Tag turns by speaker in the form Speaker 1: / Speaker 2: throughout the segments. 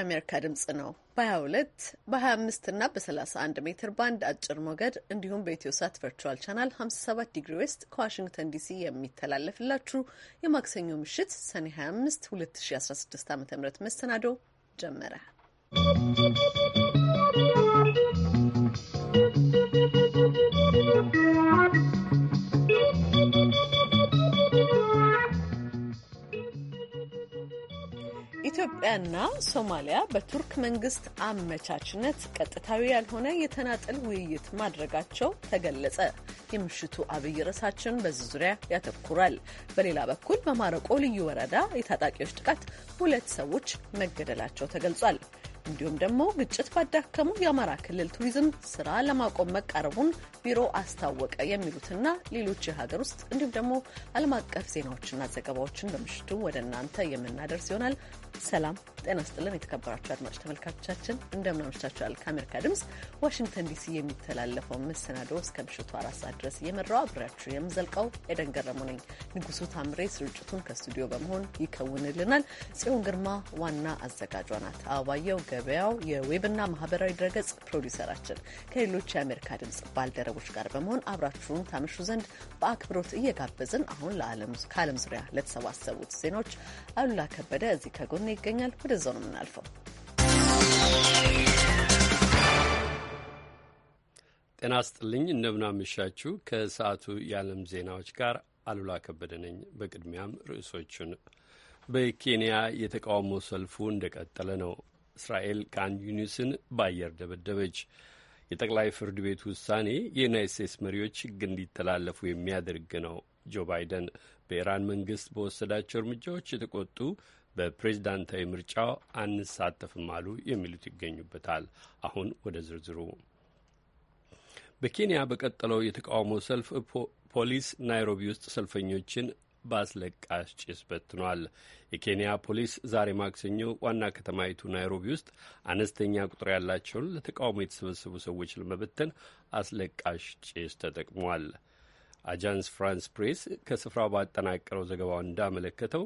Speaker 1: የአሜሪካ ድምጽ ነው። በ22 በ25 እና በ31 ሜትር ባንድ አጭር ሞገድ እንዲሁም በኢትዮ ሳት ቨርቹዋል ቻናል 57 ዲግሪ ዌስት ከዋሽንግተን ዲሲ የሚተላለፍላችሁ የማክሰኞ ምሽት ሰኔ 25 2016 ዓ ም መሰናዶ ጀመረ። ኢትዮጵያና ሶማሊያ በቱርክ መንግስት አመቻችነት ቀጥታዊ ያልሆነ የተናጠል ውይይት ማድረጋቸው ተገለጸ። የምሽቱ አብይ ርዕሳችን በዚህ ዙሪያ ያተኩራል። በሌላ በኩል በማረቆ ልዩ ወረዳ የታጣቂዎች ጥቃት ሁለት ሰዎች መገደላቸው ተገልጿል። እንዲሁም ደግሞ ግጭት ባዳከሙ የአማራ ክልል ቱሪዝም ስራ ለማቆም መቃረቡን ቢሮ አስታወቀ። የሚሉትና ሌሎች የሀገር ውስጥ እንዲሁም ደግሞ ዓለም አቀፍ ዜናዎችና ዘገባዎችን በምሽቱ ወደ እናንተ የምናደርስ ይሆናል። ሰላም ጤና ስጥልን። የተከበራችሁ አድማጭ ተመልካቾቻችን እንደምናመሻችኋል። ከአሜሪካ ድምጽ ዋሽንግተን ዲሲ የሚተላለፈው መሰናዶ እስከ ምሽቱ አራት ሰዓት ድረስ እየመራው አብሬያችሁ የምዘልቀው ኤደን ገረሙ ነኝ። ንጉሱ ታምሬ ስርጭቱን ከስቱዲዮ በመሆን ይከውንልናል። ጽዮን ግርማ ዋና አዘጋጇ ናት። አባየው ገበያው የዌብና ማህበራዊ ድረገጽ ፕሮዲሰራችን ከሌሎች የአሜሪካ ድምጽ ባልደረቦች ጋር በመሆን አብራችሁን ታመሹ ዘንድ በአክብሮት እየጋበዝን አሁን ከዓለም ዙሪያ ለተሰባሰቡት ዜናዎች አሉላ ከበደ እዚህ ከጎን ይገኛል። ወደዛው ነው የምናልፈው።
Speaker 2: ጤና ስጥልኝ፣ እንደምናመሻችሁ። ከሰዓቱ የዓለም ዜናዎች ጋር አሉላ ከበደ ነኝ። በቅድሚያም ርዕሶቹን። በኬንያ የተቃውሞ ሰልፉ እንደቀጠለ ነው። እስራኤል ካን ዩኒስን በአየር ደበደበች። የጠቅላይ ፍርድ ቤት ውሳኔ የዩናይት ስቴትስ መሪዎች ሕግ እንዲተላለፉ የሚያደርግ ነው ጆ ባይደን በኢራን መንግስት በወሰዳቸው እርምጃዎች የተቆጡ በፕሬዝዳንታዊ ምርጫው አንሳተፍም አሉ የሚሉት ይገኙበታል። አሁን ወደ ዝርዝሩ። በኬንያ በቀጠለው የተቃውሞ ሰልፍ ፖሊስ ናይሮቢ ውስጥ ሰልፈኞችን በአስለቃሽ ጭስ በትኗል። የኬንያ ፖሊስ ዛሬ ማክሰኞ ዋና ከተማይቱ ናይሮቢ ውስጥ አነስተኛ ቁጥር ያላቸውን ለተቃውሞ የተሰበሰቡ ሰዎች ለመበተን አስለቃሽ ጭስ ተጠቅሟል። አጃንስ ፍራንስ ፕሬስ ከስፍራው ባጠናቀረው ዘገባው እንዳመለከተው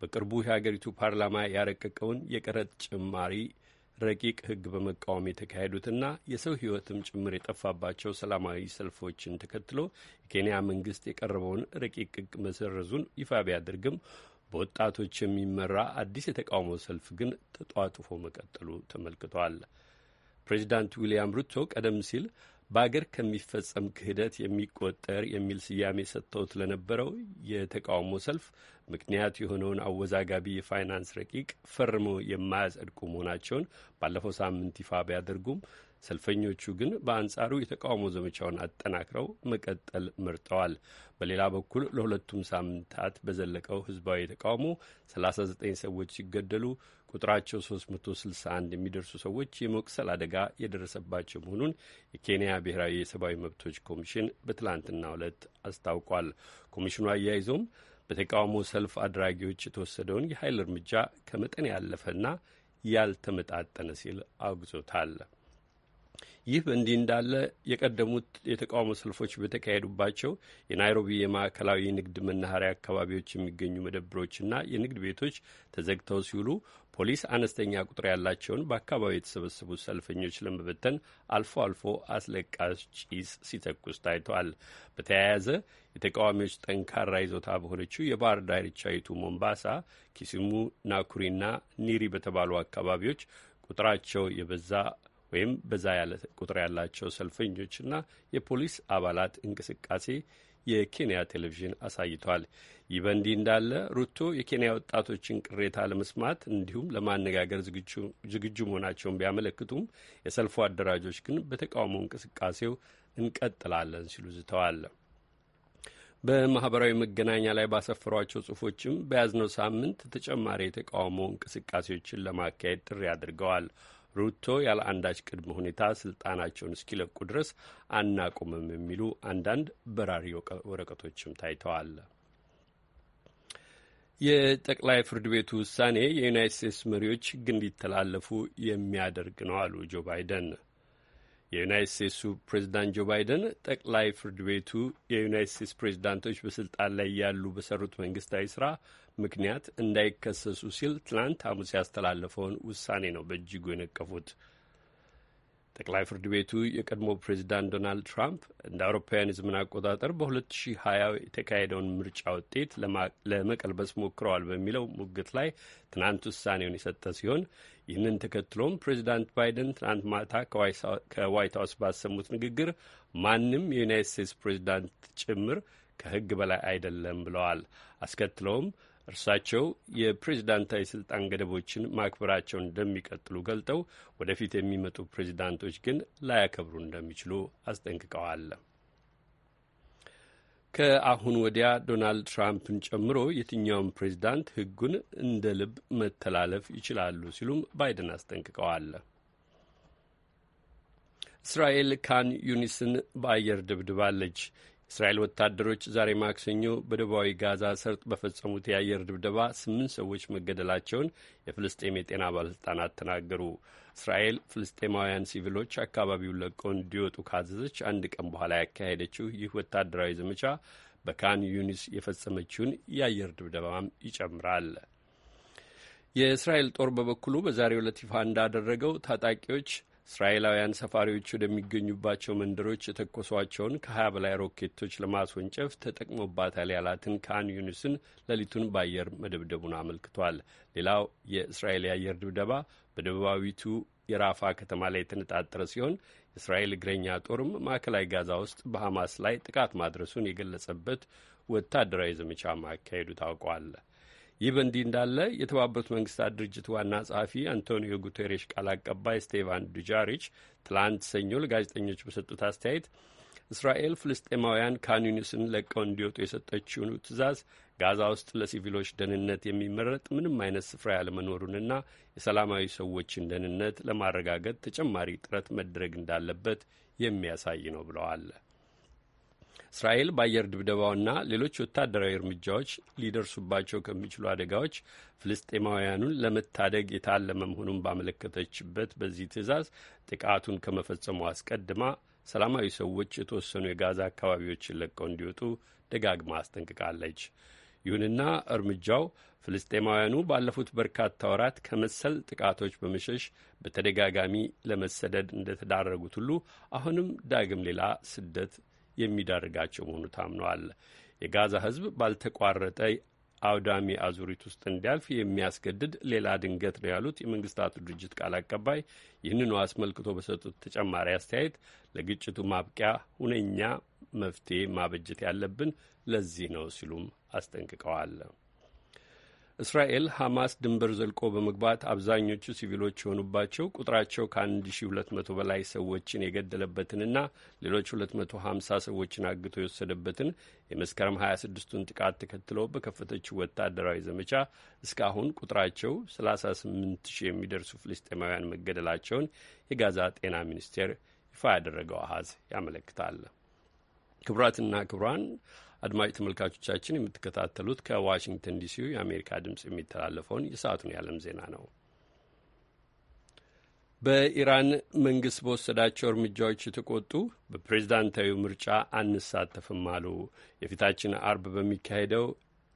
Speaker 2: በቅርቡ የሀገሪቱ ፓርላማ ያረቀቀውን የቀረጥ ጭማሪ ረቂቅ ሕግ በመቃወም የተካሄዱትና የሰው ሕይወትም ጭምር የጠፋባቸው ሰላማዊ ሰልፎችን ተከትሎ የኬንያ መንግስት የቀረበውን ረቂቅ ሕግ መሰረዙን ይፋ ቢያደርግም በወጣቶች የሚመራ አዲስ የተቃውሞ ሰልፍ ግን ተጧጥፎ መቀጠሉ ተመልክቷል። ፕሬዚዳንት ዊልያም ሩቶ ቀደም ሲል በአገር ከሚፈጸም ክህደት የሚቆጠር የሚል ስያሜ ሰጥተውት ለነበረው የተቃውሞ ሰልፍ ምክንያት የሆነውን አወዛጋቢ የፋይናንስ ረቂቅ ፈርሞ የማያጸድቁ መሆናቸውን ባለፈው ሳምንት ይፋ ቢያደርጉም ሰልፈኞቹ ግን በአንጻሩ የተቃውሞ ዘመቻውን አጠናክረው መቀጠል መርጠዋል። በሌላ በኩል ለሁለቱም ሳምንታት በዘለቀው ህዝባዊ ተቃውሞ 39 ሰዎች ሲገደሉ ቁጥራቸው 361 የሚደርሱ ሰዎች የመቁሰል አደጋ የደረሰባቸው መሆኑን የኬንያ ብሔራዊ የሰብአዊ መብቶች ኮሚሽን በትላንትናው ዕለት አስታውቋል። ኮሚሽኑ አያይዞም በተቃውሞ ሰልፍ አድራጊዎች የተወሰደውን የኃይል እርምጃ ከመጠን ያለፈና ያልተመጣጠነ ሲል አውግዞታል። ይህ በእንዲህ እንዳለ የቀደሙት የተቃውሞ ሰልፎች በተካሄዱባቸው የናይሮቢ የማዕከላዊ ንግድ መናኸሪያ አካባቢዎች የሚገኙ መደብሮችና የንግድ ቤቶች ተዘግተው ሲውሉ ፖሊስ አነስተኛ ቁጥር ያላቸውን በአካባቢው የተሰበሰቡ ሰልፈኞች ለመበተን አልፎ አልፎ አስለቃሽ ጭስ ሲተኩስ ታይቷል። በተያያዘ የተቃዋሚዎች ጠንካራ ይዞታ በሆነችው የባህር ዳርቻይቱ ሞምባሳ፣ ኪሲሙ፣ ናኩሪና ኒሪ በተባሉ አካባቢዎች ቁጥራቸው የበዛ ወይም በዛ ያለ ቁጥር ያላቸው ሰልፈኞችና የፖሊስ አባላት እንቅስቃሴ የኬንያ ቴሌቪዥን አሳይቷል። ይህ በእንዲህ እንዳለ ሩቶ የኬንያ ወጣቶችን ቅሬታ ለመስማት እንዲሁም ለማነጋገር ዝግጁ መሆናቸውን ቢያመለክቱም የሰልፉ አደራጆች ግን በተቃውሞ እንቅስቃሴው እንቀጥላለን ሲሉ ዝተዋል። በማህበራዊ መገናኛ ላይ ባሰፈሯቸው ጽሁፎችም በያዝነው ሳምንት ተጨማሪ የተቃውሞ እንቅስቃሴዎችን ለማካሄድ ጥሪ አድርገዋል። ሩቶ ያለ አንዳች ቅድመ ሁኔታ ስልጣናቸውን እስኪለቁ ድረስ አናቁምም የሚሉ አንዳንድ በራሪ ወረቀቶችም ታይተዋል። የጠቅላይ ፍርድ ቤቱ ውሳኔ የዩናይት ስቴትስ መሪዎች ሕግ እንዲተላለፉ የሚያደርግ ነው አሉ ጆ ባይደን። የዩናይት ስቴትሱ ፕሬዚዳንት ጆ ባይደን ጠቅላይ ፍርድ ቤቱ የዩናይት ስቴትስ ፕሬዚዳንቶች በስልጣን ላይ ያሉ በሰሩት መንግስታዊ ስራ ምክንያት እንዳይከሰሱ ሲል ትናንት ሐሙስ ያስተላለፈውን ውሳኔ ነው በእጅጉ የነቀፉት። ጠቅላይ ፍርድ ቤቱ የቀድሞ ፕሬዚዳንት ዶናልድ ትራምፕ እንደ አውሮፓውያን የዘመን አቆጣጠር በ2020 የተካሄደውን ምርጫ ውጤት ለመቀልበስ ሞክረዋል በሚለው ሙግት ላይ ትናንት ውሳኔውን የሰጠ ሲሆን ይህንን ተከትሎም ፕሬዚዳንት ባይደን ትናንት ማታ ከዋይት ሀውስ ባሰሙት ንግግር ማንም የዩናይት ስቴትስ ፕሬዚዳንት ጭምር ከሕግ በላይ አይደለም ብለዋል። አስከትለውም እርሳቸው የፕሬዝዳንታዊ ስልጣን ገደቦችን ማክበራቸውን እንደሚቀጥሉ ገልጠው ወደፊት የሚመጡ ፕሬዚዳንቶች ግን ላያከብሩ እንደሚችሉ አስጠንቅቀዋል። ከአሁን ወዲያ ዶናልድ ትራምፕን ጨምሮ የትኛውም ፕሬዚዳንት ሕጉን እንደ ልብ መተላለፍ ይችላሉ ሲሉም ባይደን አስጠንቅቀዋል። እስራኤል ካን ዩኒስን በአየር ድብድባለች። እስራኤል ወታደሮች ዛሬ ማክሰኞ በደቡባዊ ጋዛ ሰርጥ በፈጸሙት የአየር ድብደባ ስምንት ሰዎች መገደላቸውን የፍልስጤም የጤና ባለስልጣናት ተናገሩ። እስራኤል ፍልስጤማውያን ሲቪሎች አካባቢውን ለቀው እንዲወጡ ካዘዘች አንድ ቀን በኋላ ያካሄደችው ይህ ወታደራዊ ዘመቻ በካን ዩኒስ የፈጸመችውን የአየር ድብደባም ይጨምራል። የእስራኤል ጦር በበኩሉ በዛሬው ዕለት ይፋ እንዳደረገው ታጣቂዎች እስራኤላውያን ሰፋሪዎች ወደሚገኙባቸው መንደሮች የተኮሷቸውን ከሀያ በላይ ሮኬቶች ለማስወንጨፍ ተጠቅሞባታል ያላትን ካን ዩኒስን ሌሊቱን በአየር መደብደቡን አመልክቷል። ሌላው የእስራኤል የአየር ድብደባ በደቡባዊቱ የራፋ ከተማ ላይ የተነጣጠረ ሲሆን የእስራኤል እግረኛ ጦርም ማዕከላዊ ጋዛ ውስጥ በሐማስ ላይ ጥቃት ማድረሱን የገለጸበት ወታደራዊ ዘመቻ ማካሄዱ ታውቋል። ይህ በእንዲህ እንዳለ የተባበሩት መንግስታት ድርጅት ዋና ጸሐፊ አንቶኒዮ ጉቴሬሽ ቃል አቀባይ ስቴቫን ዱጃሪች ትላንት ሰኞ ለጋዜጠኞች በሰጡት አስተያየት እስራኤል ፍልስጤማውያን ካን ዩኒስን ለቀው እንዲወጡ የሰጠችውን ትእዛዝ ጋዛ ውስጥ ለሲቪሎች ደህንነት የሚመረጥ ምንም አይነት ስፍራ ያለመኖሩንና የሰላማዊ ሰዎችን ደህንነት ለማረጋገጥ ተጨማሪ ጥረት መደረግ እንዳለበት የሚያሳይ ነው ብለዋል። እስራኤል በአየር ድብደባውና ሌሎች ወታደራዊ እርምጃዎች ሊደርሱባቸው ከሚችሉ አደጋዎች ፍልስጤማውያኑን ለመታደግ የታለመ መሆኑን ባመለከተችበት በዚህ ትዕዛዝ ጥቃቱን ከመፈጸሙ አስቀድማ ሰላማዊ ሰዎች የተወሰኑ የጋዛ አካባቢዎችን ለቀው እንዲወጡ ደጋግማ አስጠንቅቃለች። ይሁንና እርምጃው ፍልስጤማውያኑ ባለፉት በርካታ ወራት ከመሰል ጥቃቶች በመሸሽ በተደጋጋሚ ለመሰደድ እንደተዳረጉት ሁሉ አሁንም ዳግም ሌላ ስደት የሚዳርጋቸው መሆኑ ታምነዋል። የጋዛ ህዝብ ባልተቋረጠ አውዳሚ አዙሪት ውስጥ እንዲያልፍ የሚያስገድድ ሌላ ድንገት ነው ያሉት የመንግስታቱ ድርጅት ቃል አቀባይ ይህንኑ አስመልክቶ በሰጡት ተጨማሪ አስተያየት ለግጭቱ ማብቂያ ሁነኛ መፍትሄ ማበጀት ያለብን ለዚህ ነው ሲሉም አስጠንቅቀዋል። እስራኤል ሐማስ ድንበር ዘልቆ በመግባት አብዛኞቹ ሲቪሎች የሆኑባቸው ቁጥራቸው ከ1200 በላይ ሰዎችን የገደለበትንና ሌሎች 250 ሰዎችን አግቶ የወሰደበትን የመስከረም 26ቱን ጥቃት ተከትሎ በከፈተችው ወታደራዊ ዘመቻ እስካሁን ቁጥራቸው 38000 የሚደርሱ ፍልስጤማውያን መገደላቸውን የጋዛ ጤና ሚኒስቴር ይፋ ያደረገው አሀዝ ያመለክታል። ክቡራትና ክቡራን አድማጭ ተመልካቾቻችን የምትከታተሉት ከዋሽንግተን ዲሲው የአሜሪካ ድምፅ የሚተላለፈውን የሰዓቱን የዓለም ዜና ነው። በኢራን መንግስት በወሰዳቸው እርምጃዎች የተቆጡ በፕሬዝዳንታዊ ምርጫ አንሳተፍም አሉ። የፊታችን አርብ በሚካሄደው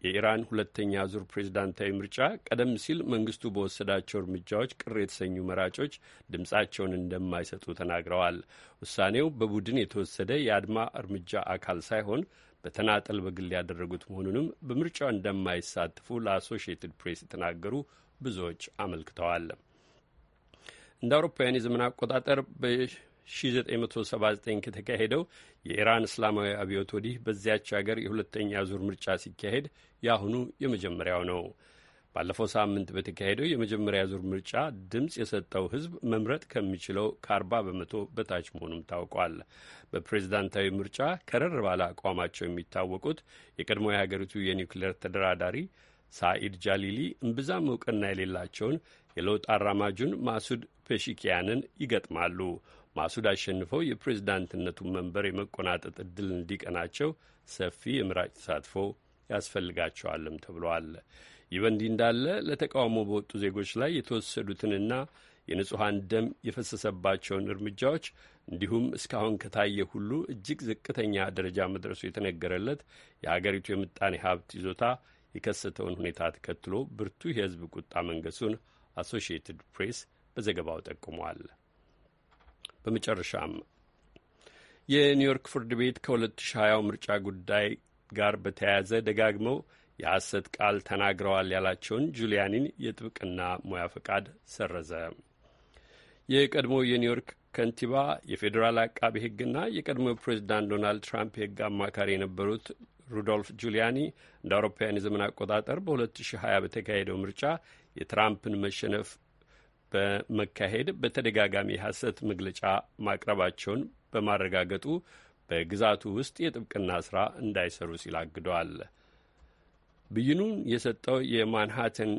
Speaker 2: የኢራን ሁለተኛ ዙር ፕሬዝዳንታዊ ምርጫ ቀደም ሲል መንግስቱ በወሰዳቸው እርምጃዎች ቅር የተሰኙ መራጮች ድምፃቸውን እንደማይሰጡ ተናግረዋል። ውሳኔው በቡድን የተወሰደ የአድማ እርምጃ አካል ሳይሆን በተናጠል በግል ያደረጉት መሆኑንም በምርጫው እንደማይሳትፉ ለአሶሽየትድ ፕሬስ የተናገሩ ብዙዎች አመልክተዋል። እንደ አውሮፓውያን የዘመን አቆጣጠር በ1979 ከተካሄደው የኢራን እስላማዊ አብዮት ወዲህ በዚያች ሀገር የሁለተኛ ዙር ምርጫ ሲካሄድ የአሁኑ የመጀመሪያው ነው። ባለፈው ሳምንት በተካሄደው የመጀመሪያ ዙር ምርጫ ድምፅ የሰጠው ህዝብ መምረጥ ከሚችለው ከአርባ በመቶ በታች መሆኑም ታውቋል። በፕሬዝዳንታዊ ምርጫ ከረር ባለ አቋማቸው የሚታወቁት የቀድሞ የሀገሪቱ የኒውክሌር ተደራዳሪ ሳኢድ ጃሊሊ እምብዛም እውቅና የሌላቸውን የለውጥ አራማጁን ማሱድ ፔሺኪያንን ይገጥማሉ። ማሱድ አሸንፈው የፕሬዝዳንትነቱን መንበር የመቆናጠጥ እድል እንዲቀናቸው ሰፊ የምራጭ ተሳትፎ ያስፈልጋቸዋልም ተብሏል። ይህ በእንዲህ እንዳለ ለተቃውሞ በወጡ ዜጎች ላይ የተወሰዱትንና የንጹሐን ደም የፈሰሰባቸውን እርምጃዎች እንዲሁም እስካሁን ከታየ ሁሉ እጅግ ዝቅተኛ ደረጃ መድረሱ የተነገረለት የሀገሪቱ የምጣኔ ሀብት ይዞታ የከሰተውን ሁኔታ ተከትሎ ብርቱ የህዝብ ቁጣ መንገሱን አሶሺየትድ ፕሬስ በዘገባው ጠቁሟል። በመጨረሻም የኒውዮርክ ፍርድ ቤት ከ2020 ምርጫ ጉዳይ ጋር በተያያዘ ደጋግመው የሐሰት ቃል ተናግረዋል ያላቸውን ጁሊያኒን የጥብቅና ሙያ ፈቃድ ሰረዘ። የቀድሞ የኒውዮርክ ከንቲባ የፌዴራል አቃቤ ሕግና የቀድሞ ፕሬዚዳንት ዶናልድ ትራምፕ የሕግ አማካሪ የነበሩት ሩዶልፍ ጁሊያኒ እንደ አውሮፓውያን የዘመን አቆጣጠር በ2020 በተካሄደው ምርጫ የትራምፕን መሸነፍ በመካሄድ በተደጋጋሚ የሐሰት መግለጫ ማቅረባቸውን በማረጋገጡ በግዛቱ ውስጥ የጥብቅና ስራ እንዳይሰሩ ሲል አግደዋል። ብይኑን የሰጠው የማንሃተን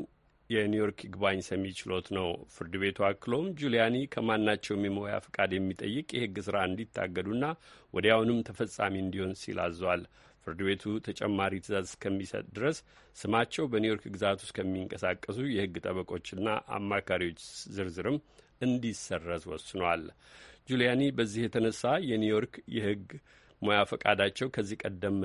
Speaker 2: የኒውዮርክ ይግባኝ ሰሚ ችሎት ነው። ፍርድ ቤቱ አክሎም ጁሊያኒ ከማናቸውም የሙያ ፍቃድ የሚጠይቅ የህግ ስራ እንዲታገዱና ወዲያውንም ተፈጻሚ እንዲሆን ሲል አዟል። ፍርድ ቤቱ ተጨማሪ ትእዛዝ እስከሚሰጥ ድረስ ስማቸው በኒውዮርክ ግዛት ውስጥ ከሚንቀሳቀሱ የህግ ጠበቆችና አማካሪዎች ዝርዝርም እንዲሰረዝ ወስኗል። ጁሊያኒ በዚህ የተነሳ የኒውዮርክ የህግ ሙያ ፈቃዳቸው ከዚህ ቀደም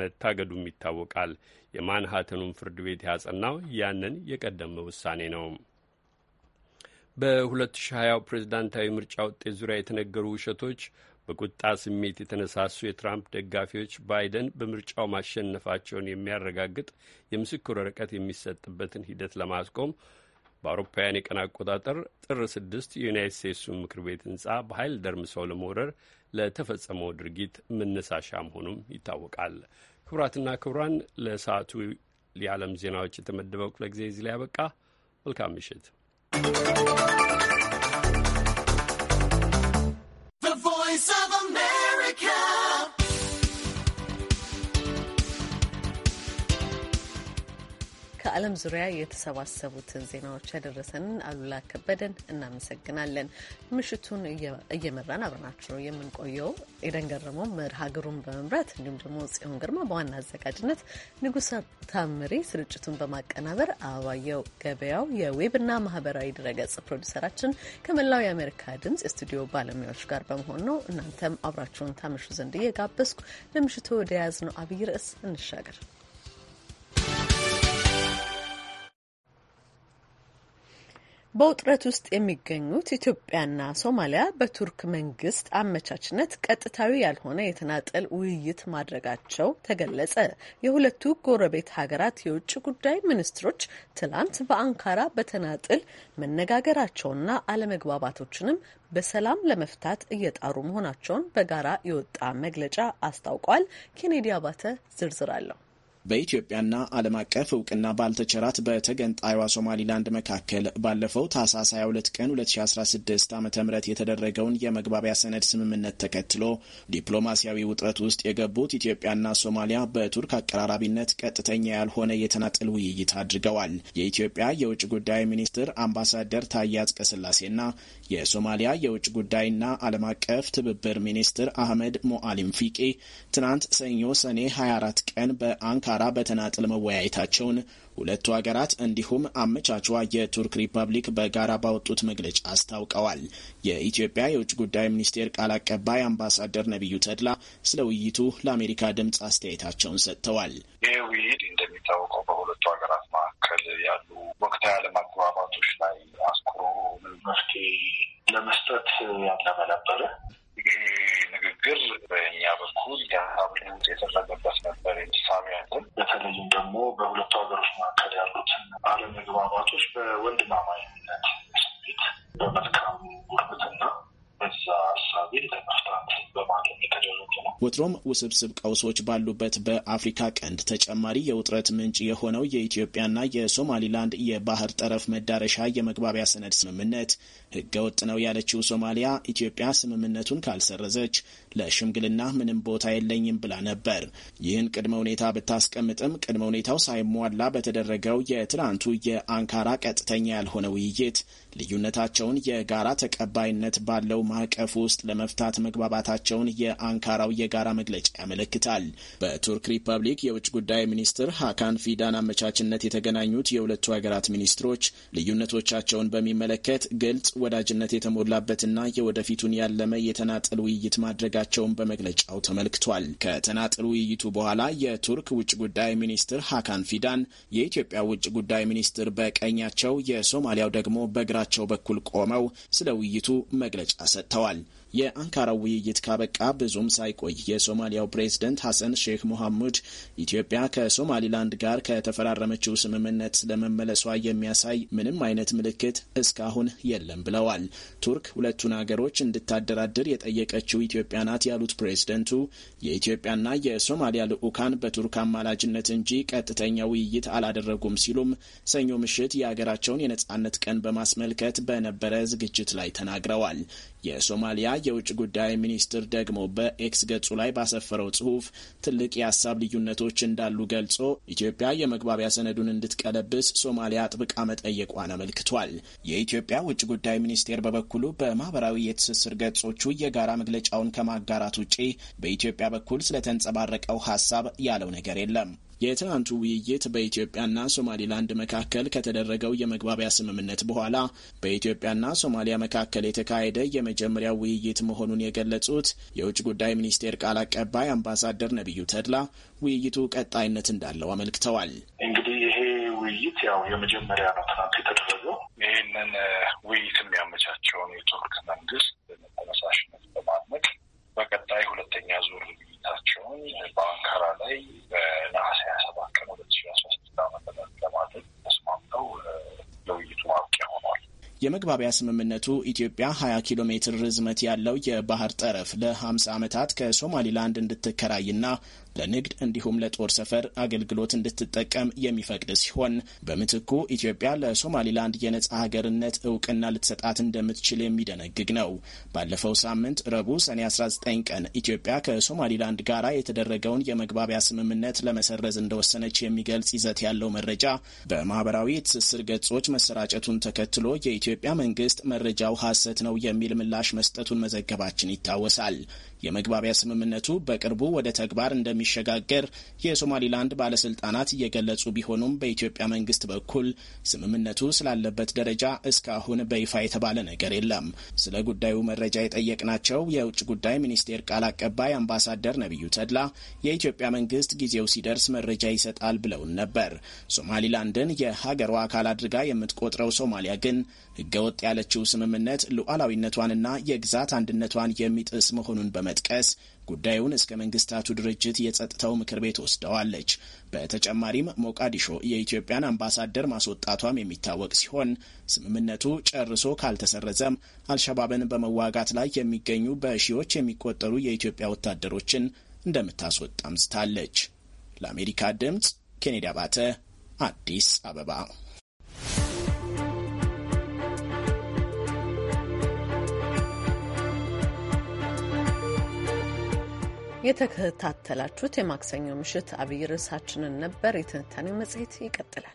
Speaker 2: መታገዱም ይታወቃል። የማንሃተኑን ፍርድ ቤት ያጸናው ያንን የቀደመ ውሳኔ ነው። በ2020 ፕሬዝዳንታዊ ምርጫ ውጤት ዙሪያ የተነገሩ ውሸቶች በቁጣ ስሜት የተነሳሱ የትራምፕ ደጋፊዎች ባይደን በምርጫው ማሸነፋቸውን የሚያረጋግጥ የምስክር ወረቀት የሚሰጥበትን ሂደት ለማስቆም በአውሮፓውያን የቀን አቆጣጠር ጥር ስድስት የዩናይት ስቴትሱን ምክር ቤት ህንጻ በኃይል ደርምሰው ለመውረር ለተፈጸመው ድርጊት መነሳሻ መሆኑም ይታወቃል። ክቡራትና ክቡራን ለሰዓቱ የዓለም ዜናዎች የተመደበው ክፍለ ጊዜ እዚህ ላይ ያበቃ። መልካም ምሽት።
Speaker 1: ከዓለም ዙሪያ የተሰባሰቡትን ዜናዎች ያደረሰንን አሉላ ከበደን እናመሰግናለን። ምሽቱን እየመራን አብረናችሁ ነው የምንቆየው። ኤደን ገረመው መርሃ ግብሩን በመምራት እንዲሁም ደግሞ ጽዮን ግርማ በዋና አዘጋጅነት፣ ንጉሰ ታምሬ ስርጭቱን በማቀናበር አበባየው ገበያው የዌብና ማህበራዊ ድረገጽ ፕሮዲሰራችን ከመላው የአሜሪካ ድምጽ የስቱዲዮ ባለሙያዎች ጋር በመሆን ነው። እናንተም አብራችሁን ታመሹ ዘንድ እየጋበዝኩ ለምሽቱ ወደ ነው አብይ ርዕስ እንሻገር። በውጥረት ውስጥ የሚገኙት ኢትዮጵያና ሶማሊያ በቱርክ መንግስት አመቻችነት ቀጥታዊ ያልሆነ የተናጠል ውይይት ማድረጋቸው ተገለጸ። የሁለቱ ጎረቤት ሀገራት የውጭ ጉዳይ ሚኒስትሮች ትላንት በአንካራ በተናጥል መነጋገራቸውና አለመግባባቶችንም በሰላም ለመፍታት እየጣሩ መሆናቸውን በጋራ የወጣ መግለጫ አስታውቋል። ኬኔዲ አባተ
Speaker 3: ዝርዝር አለው። በኢትዮጵያና ዓለም አቀፍ እውቅና ባልተቸራት በተገንጣይዋ ሶማሊላንድ መካከል ባለፈው ታህሳስ 22 ቀን 2016 ዓ ም የተደረገውን የመግባቢያ ሰነድ ስምምነት ተከትሎ ዲፕሎማሲያዊ ውጥረት ውስጥ የገቡት ኢትዮጵያና ሶማሊያ በቱርክ አቀራራቢነት ቀጥተኛ ያልሆነ የተናጠል ውይይት አድርገዋል። የኢትዮጵያ የውጭ ጉዳይ ሚኒስትር አምባሳደር ታዬ አጽቀሥላሴና የሶማሊያ የውጭ ጉዳይና ዓለም አቀፍ ትብብር ሚኒስትር አህመድ ሞአሊም ፊቂ ትናንት ሰኞ ሰኔ 24 ቀን በአንካ ጋር በተናጥል መወያየታቸውን ሁለቱ ሀገራት እንዲሁም አመቻቿ የቱርክ ሪፐብሊክ በጋራ ባወጡት መግለጫ አስታውቀዋል። የኢትዮጵያ የውጭ ጉዳይ ሚኒስቴር ቃል አቀባይ አምባሳደር ነቢዩ ተድላ ስለ ውይይቱ ለአሜሪካ ድምፅ አስተያየታቸውን ሰጥተዋል።
Speaker 4: ይህ ውይይት እንደሚታወቀው በሁለቱ ሀገራት መካከል ያሉ ወቅታዊ አለመግባባቶች ላይ አስኩሮ መፍትሄ ለመስጠት ያለመ ነበረ ይሄ ንግግር በእኛ በኩል የሀሳብ የተደረገበት ነበር የሚሳሚ ያለን በተለይም ደግሞ በሁለቱ ሀገሮች መካከል ያሉትን አለመግባባቶች በወንድማማኝነት ስሜት በመልካም ጉርብትና
Speaker 3: ወትሮም ውስብስብ ቀውሶች ባሉበት በአፍሪካ ቀንድ ተጨማሪ የውጥረት ምንጭ የሆነው የኢትዮጵያና የሶማሊላንድ የባህር ጠረፍ መዳረሻ የመግባቢያ ሰነድ ስምምነት ህገወጥ ነው ያለችው ሶማሊያ ኢትዮጵያ ስምምነቱን ካልሰረዘች ለሽምግልና ምንም ቦታ የለኝም ብላ ነበር። ይህን ቅድመ ሁኔታ ብታስቀምጥም ቅድመ ሁኔታው ሳይሟላ በተደረገው የትናንቱ የአንካራ ቀጥተኛ ያልሆነ ውይይት ልዩነታቸውን የጋራ ተቀባይነት ባለው ማዕቀፍ ውስጥ ለመፍታት መግባባታቸውን የአንካራው የጋራ መግለጫ ያመለክታል። በቱርክ ሪፐብሊክ የውጭ ጉዳይ ሚኒስትር ሀካን ፊዳን አመቻችነት የተገናኙት የሁለቱ ሀገራት ሚኒስትሮች ልዩነቶቻቸውን በሚመለከት ግልጽ፣ ወዳጅነት የተሞላበትና የወደፊቱን ያለመ የተናጠል ውይይት ማድረግ ማድረጋቸውን በመግለጫው ተመልክቷል። ከተናጥል ውይይቱ በኋላ የቱርክ ውጭ ጉዳይ ሚኒስትር ሀካን ፊዳን የኢትዮጵያ ውጭ ጉዳይ ሚኒስትር በቀኛቸው፣ የሶማሊያው ደግሞ በግራቸው በኩል ቆመው ስለ ውይይቱ መግለጫ ሰጥተዋል። የአንካራው ውይይት ካበቃ ብዙም ሳይቆይ የሶማሊያው ፕሬዝደንት ሐሰን ሼክ ሙሐሙድ ኢትዮጵያ ከሶማሊላንድ ጋር ከተፈራረመችው ስምምነት ለመመለሷ የሚያሳይ ምንም አይነት ምልክት እስካሁን የለም ብለዋል። ቱርክ ሁለቱን አገሮች እንድታደራድር የጠየቀችው ኢትዮጵያ ናት ያሉት ፕሬዝደንቱ የኢትዮጵያና የሶማሊያ ልዑካን በቱርክ አማላጅነት እንጂ ቀጥተኛ ውይይት አላደረጉም ሲሉም ሰኞ ምሽት የአገራቸውን የነጻነት ቀን በማስመልከት በነበረ ዝግጅት ላይ ተናግረዋል። የሶማሊያ የውጭ ጉዳይ ሚኒስትር ደግሞ በኤክስ ገጹ ላይ ባሰፈረው ጽሁፍ ትልቅ የሀሳብ ልዩነቶች እንዳሉ ገልጾ ኢትዮጵያ የመግባቢያ ሰነዱን እንድትቀለብስ ሶማሊያ አጥብቃ መጠየቋን አመልክቷል። የኢትዮጵያ ውጭ ጉዳይ ሚኒስቴር በበኩሉ በማህበራዊ የትስስር ገጾቹ የጋራ መግለጫውን ከማጋራት ውጪ በኢትዮጵያ በኩል ስለተንጸባረቀው ሀሳብ ያለው ነገር የለም። የትናንቱ ውይይት በኢትዮጵያና ሶማሌላንድ መካከል ከተደረገው የመግባቢያ ስምምነት በኋላ በኢትዮጵያና ሶማሊያ መካከል የተካሄደ የመጀመሪያ ውይይት መሆኑን የገለጹት የውጭ ጉዳይ ሚኒስቴር ቃል አቀባይ አምባሳደር ነቢዩ ተድላ ውይይቱ ቀጣይነት እንዳለው አመልክተዋል።
Speaker 4: እንግዲህ ይሄ ውይይት ያው የመጀመሪያ ነው ትናንት የተደረገው። ይህንን ውይይት የሚያመቻቸውን የቱርክ መንግስት ተነሳሽነት በማድነቅ በቀጣይ ሁለተኛ ዙር ያደረገችውን በአንካራ ላይ በነሐሴ ሀያ ሰባት ቀን ሁለት ሺ አስራ ስድስት ዓመተ ለማድረግ ተስማምተው
Speaker 3: የውይይቱ የመግባቢያ ስምምነቱ ኢትዮጵያ 20 ኪሎ ሜትር ርዝመት ያለው የባህር ጠረፍ ለ50 ዓመታት ከሶማሊላንድ እንድትከራይና ለንግድ እንዲሁም ለጦር ሰፈር አገልግሎት እንድትጠቀም የሚፈቅድ ሲሆን በምትኩ ኢትዮጵያ ለሶማሊላንድ የነጻ ሀገርነት እውቅና ልትሰጣት እንደምትችል የሚደነግግ ነው። ባለፈው ሳምንት ረቡዕ ሰኔ 19 ቀን ኢትዮጵያ ከሶማሊላንድ ጋር የተደረገውን የመግባቢያ ስምምነት ለመሰረዝ እንደወሰነች የሚገልጽ ይዘት ያለው መረጃ በማህበራዊ የትስስር ገጾች መሰራጨቱን ተከትሎ የኢትዮ የኢትዮጵያ መንግስት መረጃው ሐሰት ነው የሚል ምላሽ መስጠቱን መዘገባችን ይታወሳል። የመግባቢያ ስምምነቱ በቅርቡ ወደ ተግባር እንደሚሸጋገር የሶማሊላንድ ባለስልጣናት እየገለጹ ቢሆኑም በኢትዮጵያ መንግስት በኩል ስምምነቱ ስላለበት ደረጃ እስካሁን በይፋ የተባለ ነገር የለም። ስለ ጉዳዩ መረጃ የጠየቅናቸው የውጭ ጉዳይ ሚኒስቴር ቃል አቀባይ አምባሳደር ነቢዩ ተድላ የኢትዮጵያ መንግስት ጊዜው ሲደርስ መረጃ ይሰጣል ብለውን ነበር። ሶማሊላንድን የሀገሯ አካል አድርጋ የምትቆጥረው ሶማሊያ ግን ህገወጥ ያለችው ስምምነት ሉዓላዊነቷንና የግዛት አንድነቷን የሚጥስ መሆኑን በመጥቀስ ጉዳዩን እስከ መንግስታቱ ድርጅት የጸጥታው ምክር ቤት ወስደዋለች። በተጨማሪም ሞቃዲሾ የኢትዮጵያን አምባሳደር ማስወጣቷም የሚታወቅ ሲሆን ስምምነቱ ጨርሶ ካልተሰረዘም አልሸባብን በመዋጋት ላይ የሚገኙ በሺዎች የሚቆጠሩ የኢትዮጵያ ወታደሮችን እንደምታስወጣ አምስታለች። ለአሜሪካ ድምፅ ኬኔዲ አባተ አዲስ አበባ
Speaker 1: የተከታተላችሁት የማክሰኞ ምሽት አብይ ርዕሳችንን ነበር። የትንታኔው መጽሔት ይቀጥላል።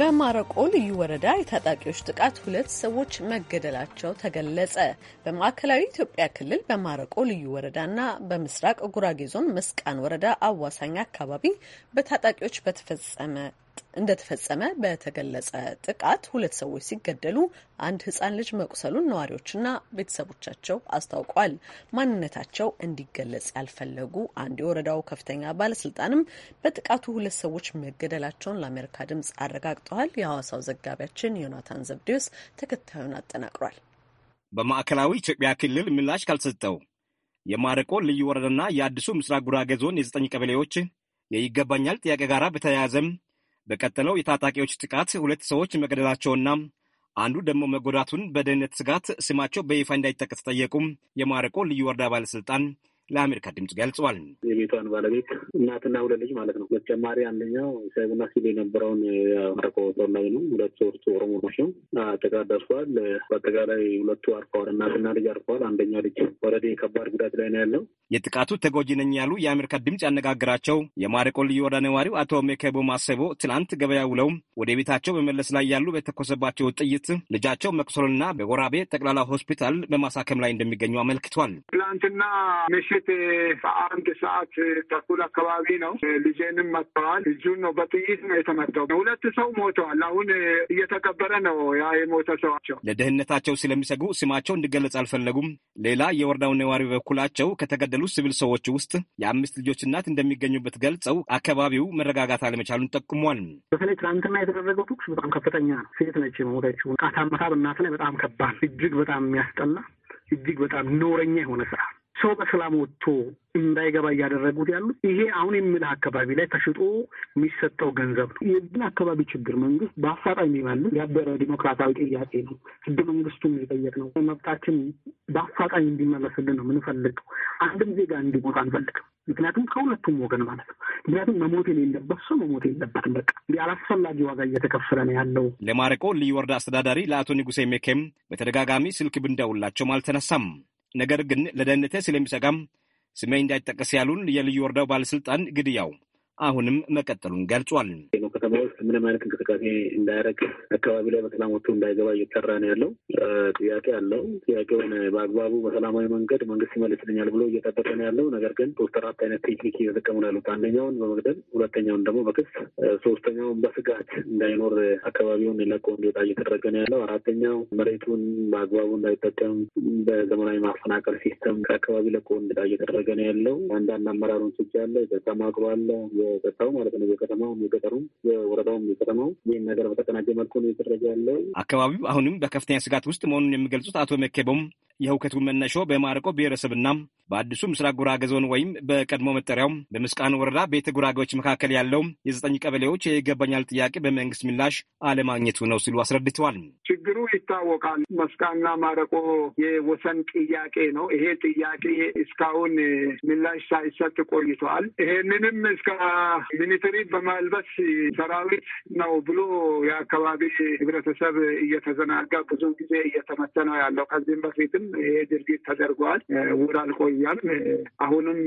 Speaker 1: በማረቆ ልዩ ወረዳ የታጣቂዎች ጥቃት ሁለት ሰዎች መገደላቸው ተገለጸ። በማዕከላዊ ኢትዮጵያ ክልል በማረቆ ልዩ ወረዳና በምስራቅ ጉራጌ ዞን መስቃን ወረዳ አዋሳኝ አካባቢ በታጣቂዎች በተፈጸመ እንደተፈጸመ በተገለጸ ጥቃት ሁለት ሰዎች ሲገደሉ አንድ ህጻን ልጅ መቁሰሉን ነዋሪዎችና ቤተሰቦቻቸው አስታውቋል። ማንነታቸው እንዲገለጽ ያልፈለጉ አንድ የወረዳው ከፍተኛ ባለስልጣንም በጥቃቱ ሁለት ሰዎች መገደላቸውን ለአሜሪካ ድምጽ አረጋግጠዋል። የሐዋሳው ዘጋቢያችን ዮናታን ዘብዴዎስ ተከታዩን አጠናቅሯል።
Speaker 5: በማዕከላዊ ኢትዮጵያ ክልል ምላሽ ካልሰጠው የማረቆ ልዩ ወረዳና የአዲሱ ምስራቅ ጉራጌ ዞን የዘጠኝ ቀበሌዎች የይገባኛል ጥያቄ ጋር በተያያዘም በቀጠለው የታጣቂዎች ጥቃት ሁለት ሰዎች መገደላቸውና አንዱ ደግሞ መጎዳቱን በደህንነት ስጋት ስማቸው በይፋ እንዳይጠቀስ ጠየቁም የማረቆ ልዩ ወረዳ ባለሥልጣን ለአሜሪካ ድምጽ ገልጸዋል።
Speaker 6: የቤቷን ባለቤት እናትና ሁለት ልጅ ማለት ነው። በተጨማሪ አንደኛው ሳይቡና ሲል የነበረውን አርቆ ተወላጅ ነው። ሁለቱ እርሱ ኦሮሞ ናቸው። አጠቃ ደርሷል። በአጠቃላይ ሁለቱ አርፈዋል። እናትና ልጅ አርፈዋል። አንደኛ ልጅ ወረደ ከባድ ጉዳት ላይ ነው ያለው።
Speaker 5: የጥቃቱ ተጎጂ ነኝ ያሉ የአሜሪካ ድምጽ ያነጋግራቸው የማረቆ ልዩ ወረዳ ነዋሪው አቶ ሜከቦ ማሰቦ ትናንት ገበያ ውለው ወደ ቤታቸው በመለስ ላይ ያሉ በተኮሰባቸው ጥይት ልጃቸው መቁሰሉና በወራቤ ጠቅላላ ሆስፒታል በማሳከም ላይ እንደሚገኙ አመልክቷል።
Speaker 6: ትናንትና ምሽት አንድ ሰዓት ተኩል አካባቢ ነው። ልጄንም መጥተዋል። ልጁን ነው በጥይት ነው የተመታው።
Speaker 5: ሁለት ሰው ሞተዋል። አሁን እየተቀበረ ነው ያ የሞተ ሰዋቸው። ለደህንነታቸው ስለሚሰጉ ስማቸው እንዲገለጽ አልፈለጉም። ሌላ የወረዳው ነዋሪ በበኩላቸው ከተገደሉ ሲቪል ሰዎች ውስጥ የአምስት ልጆች እናት እንደሚገኙበት ገልጸው አካባቢው መረጋጋት አለመቻሉን ጠቁሟል።
Speaker 6: በተለይ ትናንትና የተደረገው ተኩስ በጣም ከፍተኛ ነው። ሴት ነች የሞተችው። ቃታ መሳብ እናት ላይ በጣም ከባድ፣ እጅግ በጣም የሚያስጠላ፣ እጅግ በጣም ኖረኛ የሆነ ስራ ሰው በሰላም ወጥቶ እንዳይገባ እያደረጉት ያሉት ይሄ አሁን የምልህ አካባቢ ላይ ተሽጦ የሚሰጠው ገንዘብ ነው። የድን አካባቢ ችግር መንግስት በአፋጣኝ ቢመልስ ያበረ ዲሞክራሲያዊ ጥያቄ ነው። ህገ መንግስቱም የጠየቅ ነው። መብታችን በአፋጣኝ እንዲመለስልን ነው የምንፈልገው። አንድም ዜጋ እንዲሞት አንፈልግም። ምክንያቱም ከሁለቱም ወገን ማለት ነው። ምክንያቱም መሞት የሌለበት ሰው መሞት የለበትም። በቃ እንዲ አላስፈላጊ ዋጋ እየተከፈለ ነው ያለው።
Speaker 5: ለማረቆ ልዩ ወረዳ አስተዳዳሪ ለአቶ ንጉሴ ሜኬም በተደጋጋሚ ስልክ ብንደውላቸውም አልተነሳም። ነገር ግን ለደህንነት ስለሚሰጋም ስሜ እንዳይጠቀስ ያሉን የልዩ ወረዳው ባለሥልጣን ግድያው አሁንም መቀጠሉን ገልጿል።
Speaker 6: ከተማ ውስጥ ምንም አይነት እንቅስቃሴ እንዳያደርግ አካባቢ ላይ በሰላም ወጥቶ እንዳይገባ እየተሰራ ነው ያለው። ጥያቄ አለው። ጥያቄውን በአግባቡ በሰላማዊ መንገድ መንግስት ይመልስልኛል ብሎ እየጠበቀ ነው ያለው። ነገር ግን ሶስት አራት አይነት ቴክኒክ እየተጠቀሙ ነው ያሉት። አንደኛውን በመግደል ሁለተኛውን ደግሞ በክስ ሶስተኛውን በስጋት እንዳይኖር አካባቢውን ለቆ እንዲወጣ እየተደረገ ነው ያለው። አራተኛው መሬቱን በአግባቡ እንዳይጠቀም በዘመናዊ ማፈናቀል ሲስተም ከአካባቢ ለቆ እንዲወጣ እየተደረገ ነው ያለው። አንዳንድ አመራሩን ስጃ አለ፣ ጸማ አለ የጸጥታው ማለት ነው የከተማውም የገጠሩም የወረዳውም የከተማው ይህን ነገር በተቀናጀ መልኩ ነው የተደረገ ያለው።
Speaker 5: አካባቢው አሁንም በከፍተኛ ስጋት ውስጥ መሆኑን የሚገልጹት አቶ መኬቦም የህውከቱ መነሾ በማረቆ ብሔረሰብና በአዲሱ ምስራቅ ጉራጌ ዞን ወይም በቀድሞ መጠሪያው በምስቃን ወረዳ ቤተ ጉራጌዎች መካከል ያለው የዘጠኝ ቀበሌዎች የይገባኛል ጥያቄ በመንግስት ምላሽ አለማግኘቱ ነው ሲሉ አስረድተዋል።
Speaker 6: ችግሩ ይታወቃል። መስቃንና ማረቆ የወሰን ጥያቄ ነው። ይሄ ጥያቄ እስካሁን ምላሽ ሳይሰጥ ቆይተዋል። ይሄንንም እስከ ሚሊተሪ በመልበስ ሰራዊት ነው ብሎ የአካባቢ ህብረተሰብ እየተዘናጋ ብዙ ጊዜ እየተመተ ነው ያለው። ከዚህም በፊትም ይሄ ድርጊት ተደርገዋል። ውር አልቆያም። አሁንም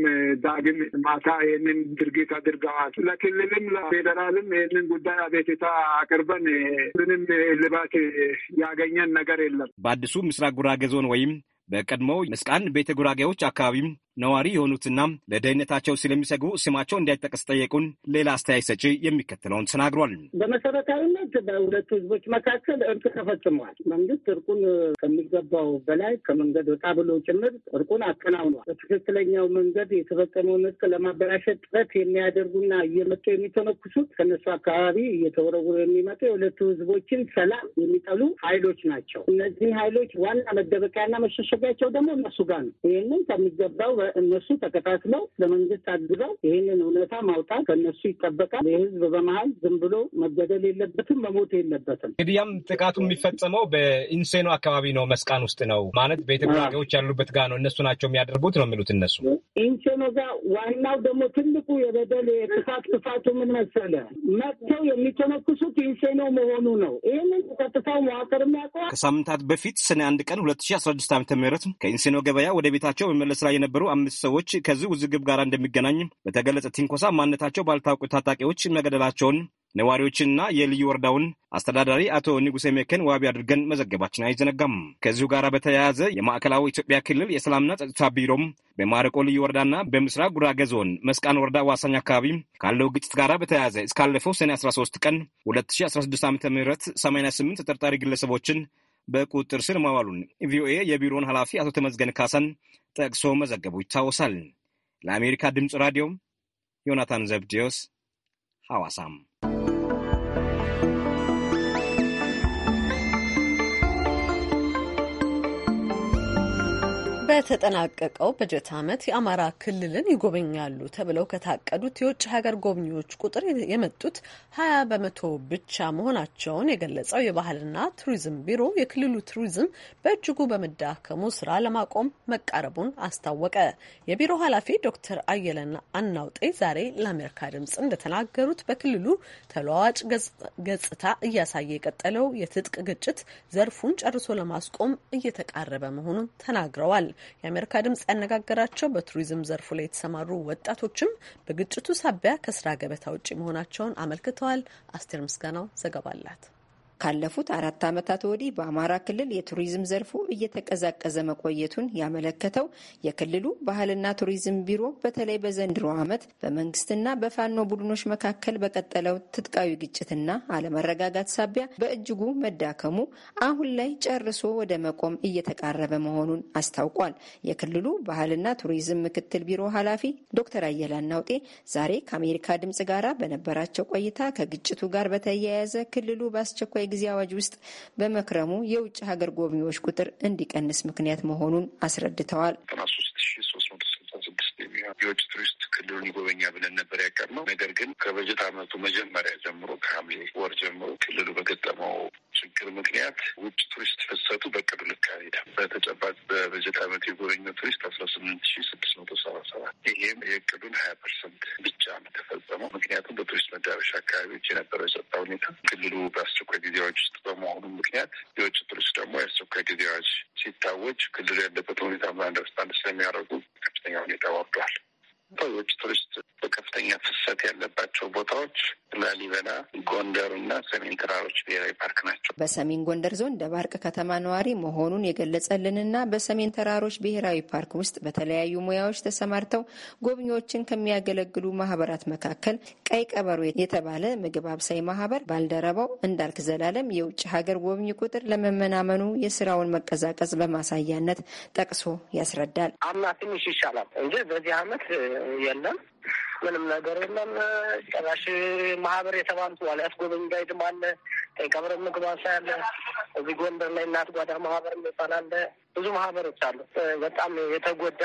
Speaker 6: ዳግም ማታ ይህንን ድርጊት አድርገዋል። ለክልልም ለፌዴራልም ይህንን ጉዳይ አቤቱታ አቅርበን ምንም ልባት ያገኘን ነገር የለም።
Speaker 5: በአዲሱ ምስራቅ ጉራጌ ዞን ወይም በቀድሞ መስቃን ቤተ ጉራጌዎች አካባቢም ነዋሪ የሆኑትና ለደህንነታቸው ስለሚሰግቡ ስማቸው እንዳይጠቀስ ጠየቁን ሌላ አስተያየት ሰጪ የሚከተለውን ተናግሯል።
Speaker 4: በመሰረታዊነት
Speaker 6: በሁለቱ ህዝቦች መካከል እርቅ ተፈጽሟል። መንግስት እርቁን ከሚገባው በላይ ከመንገድ ወጣ ብሎ ጭምር እርቁን አከናውኗል። በትክክለኛው መንገድ የተፈጸመውን እርቅ ለማበላሸት ጥረት የሚያደርጉና እየመጡ የሚተነኩሱት ከነሱ አካባቢ እየተወረወሩ የሚመጡ የሁለቱ ህዝቦችን ሰላም የሚጠሉ ኃይሎች ናቸው። እነዚህ ኃይሎች ዋና መደበቂያና መሸሸጊያቸው ደግሞ እነሱ ጋር ነው። ይህንን ከሚገባው እነሱ ተከታትለው ለመንግስት አግዘው ይህንን እውነታ ማውጣት ከእነሱ ይጠበቃል። የህዝብ በመሀል ዝም ብሎ መገደል የለበትም፣ መሞት የለበትም።
Speaker 5: እንግዲያም ጥቃቱ የሚፈጸመው በኢንሴኖ አካባቢ ነው፣ መስቃን ውስጥ ነው ማለት በኢትዮጵያ ሀገሮች ያሉበት ጋር ነው። እነሱ ናቸው የሚያደርጉት ነው የሚሉት እነሱ
Speaker 6: ኢንሴኖ ጋር። ዋናው ደግሞ ትልቁ የበደል የጥፋት ጥፋቱ ምን መሰለ መጥተው የሚተነክሱት ኢንሴኖ መሆኑ ነው። ይህንን ቀጥታው መዋቅር የሚያውቀዋል።
Speaker 5: ከሳምንታት በፊት ሰኔ አንድ ቀን ሁለት ሺ አስራ ስድስት ዓመተ ምህረት ከኢንሴኖ ገበያ ወደ ቤታቸው በመመለስ ላይ የነበሩ አምስት ሰዎች ከዚህ ውዝግብ ጋር እንደሚገናኝ በተገለጸ ትንኮሳ ማንነታቸው ባልታወቁ ታጣቂዎች መገደላቸውን ነዋሪዎችንና የልዩ ወረዳውን አስተዳዳሪ አቶ ንጉሴ ሜከን ዋቢ አድርገን መዘገባችን አይዘነጋም። ከዚሁ ጋር በተያያዘ የማዕከላዊ ኢትዮጵያ ክልል የሰላምና ጸጥታ ቢሮም በማረቆ ልዩ ወረዳና በምስራቅ ጉራጌ ዞን መስቃን ወረዳ ዋሳኝ አካባቢ ካለው ግጭት ጋር በተያያዘ እስካለፈው ሰኔ 13 ቀን 2016 ዓ ም 88 ተጠርጣሪ ግለሰቦችን በቁጥጥር ስር ማዋሉን ቪኦኤ የቢሮውን ኃላፊ አቶ ተመዝገን ካሳን ጠቅሶ መዘገቡ ይታወሳል። ለአሜሪካ ድምፅ ራዲዮ ዮናታን ዘብዴዎስ ሐዋሳም
Speaker 1: በተጠናቀቀው በጀት ዓመት የአማራ ክልልን ይጎበኛሉ ተብለው ከታቀዱት የውጭ ሀገር ጎብኚዎች ቁጥር የመጡት ሀያ በመቶ ብቻ መሆናቸውን የገለጸው የባህልና ቱሪዝም ቢሮ የክልሉ ቱሪዝም በእጅጉ በመዳከሙ ስራ ለማቆም መቃረቡን አስታወቀ። የቢሮ ኃላፊ ዶክተር አየለን አናውጤ ዛሬ ለአሜሪካ ድምጽ እንደተናገሩት በክልሉ ተለዋዋጭ ገጽታ እያሳየ የቀጠለው የትጥቅ ግጭት ዘርፉን ጨርሶ ለማስቆም እየተቃረበ መሆኑን ተናግረዋል። የአሜሪካ ድምጽ ያነጋገራቸው በቱሪዝም ዘርፉ ላይ የተሰማሩ ወጣቶችም በግጭቱ ሳቢያ ከስራ ገበታ ውጭ መሆናቸውን አመልክተዋል። አስቴር ምስጋናው ዘገባ
Speaker 7: አላት። ካለፉት አራት ዓመታት ወዲህ በአማራ ክልል የቱሪዝም ዘርፉ እየተቀዛቀዘ መቆየቱን ያመለከተው የክልሉ ባህልና ቱሪዝም ቢሮ በተለይ በዘንድሮ ዓመት በመንግስትና በፋኖ ቡድኖች መካከል በቀጠለው ትጥቃዊ ግጭትና አለመረጋጋት ሳቢያ በእጅጉ መዳከሙ አሁን ላይ ጨርሶ ወደ መቆም እየተቃረበ መሆኑን አስታውቋል። የክልሉ ባህልና ቱሪዝም ምክትል ቢሮ ኃላፊ ዶክተር አየላ ናውጤ ዛሬ ከአሜሪካ ድምጽ ጋራ በነበራቸው ቆይታ ከግጭቱ ጋር በተያያዘ ክልሉ በአስቸኳይ አስቸኳይ ጊዜ አዋጅ ውስጥ በመክረሙ የውጭ ሀገር ጎብኚዎች ቁጥር እንዲቀንስ ምክንያት መሆኑን አስረድተዋል። የውጭ ቱሪስት ክልሉን ይጎበኛ ብለን ነበር
Speaker 4: ያቀርነው። ነገር ግን ከበጀት ዓመቱ መጀመሪያ ጀምሮ ከሐምሌ ወር ጀምሮ ክልሉ በገጠመው ችግር ምክንያት ውጭ ቱሪስት ፍሰቱ በቅዱ ልክ አልሄደም። በተጨባጭ በበጀት ዓመቱ የጎበኘው ቱሪስት አስራ ስምንት ሺ ስድስት መቶ ሰባ ሰባት ይሄም የቅዱን ሀያ ፐርሰንት ብቻ ነው ተፈጸመው። ምክንያቱም በቱሪስት መዳረሻ አካባቢዎች የነበረው የጸጥታ ሁኔታ ክልሉ በአስቸኳይ ጊዜዎች ውስጥ በመሆኑ ምክንያት የውጭ ቱሪስት ደግሞ የአስቸኳይ ጊዜዎች ሲታወጅ ክልሉ ያለበት ሁኔታ በአንደርስታንድ ስለሚያደርጉ ከፍተኛ ሁኔታ ወርዷል። የውጭ ቱሪስት በከፍተኛ ፍሰት ያለባቸው ቦታዎች ላሊበላ፣ ጎንደር እና ሰሜን ተራሮች ብሔራዊ
Speaker 7: ፓርክ ናቸው። በሰሜን ጎንደር ዞን ደባርቅ ከተማ ነዋሪ መሆኑን የገለጸልንና በሰሜን ተራሮች ብሔራዊ ፓርክ ውስጥ በተለያዩ ሙያዎች ተሰማርተው ጎብኚዎችን ከሚያገለግሉ ማህበራት መካከል ቀይ ቀበሮ የተባለ ምግብ አብሳይ ማህበር ባልደረባው እንዳልክ ዘላለም የውጭ ሀገር ጎብኚ ቁጥር ለመመናመኑ የስራውን መቀዛቀዝ በማሳያነት ጠቅሶ ያስረዳል።
Speaker 4: አምና ትንሽ ይሻላል እንጂ በዚህ አመት የለም፣ ምንም ነገር የለም። ጨራሽ ማህበር የተባሉት ዋልያት ጎበኝ አለ፣ ቀይ ቀብር ምግባሳ ያለ፣ እዚህ ጎንደር ላይ እናት ጓዳ ማህበር የሚባል አለ። ብዙ ማህበሮች አሉ። በጣም የተጎዳ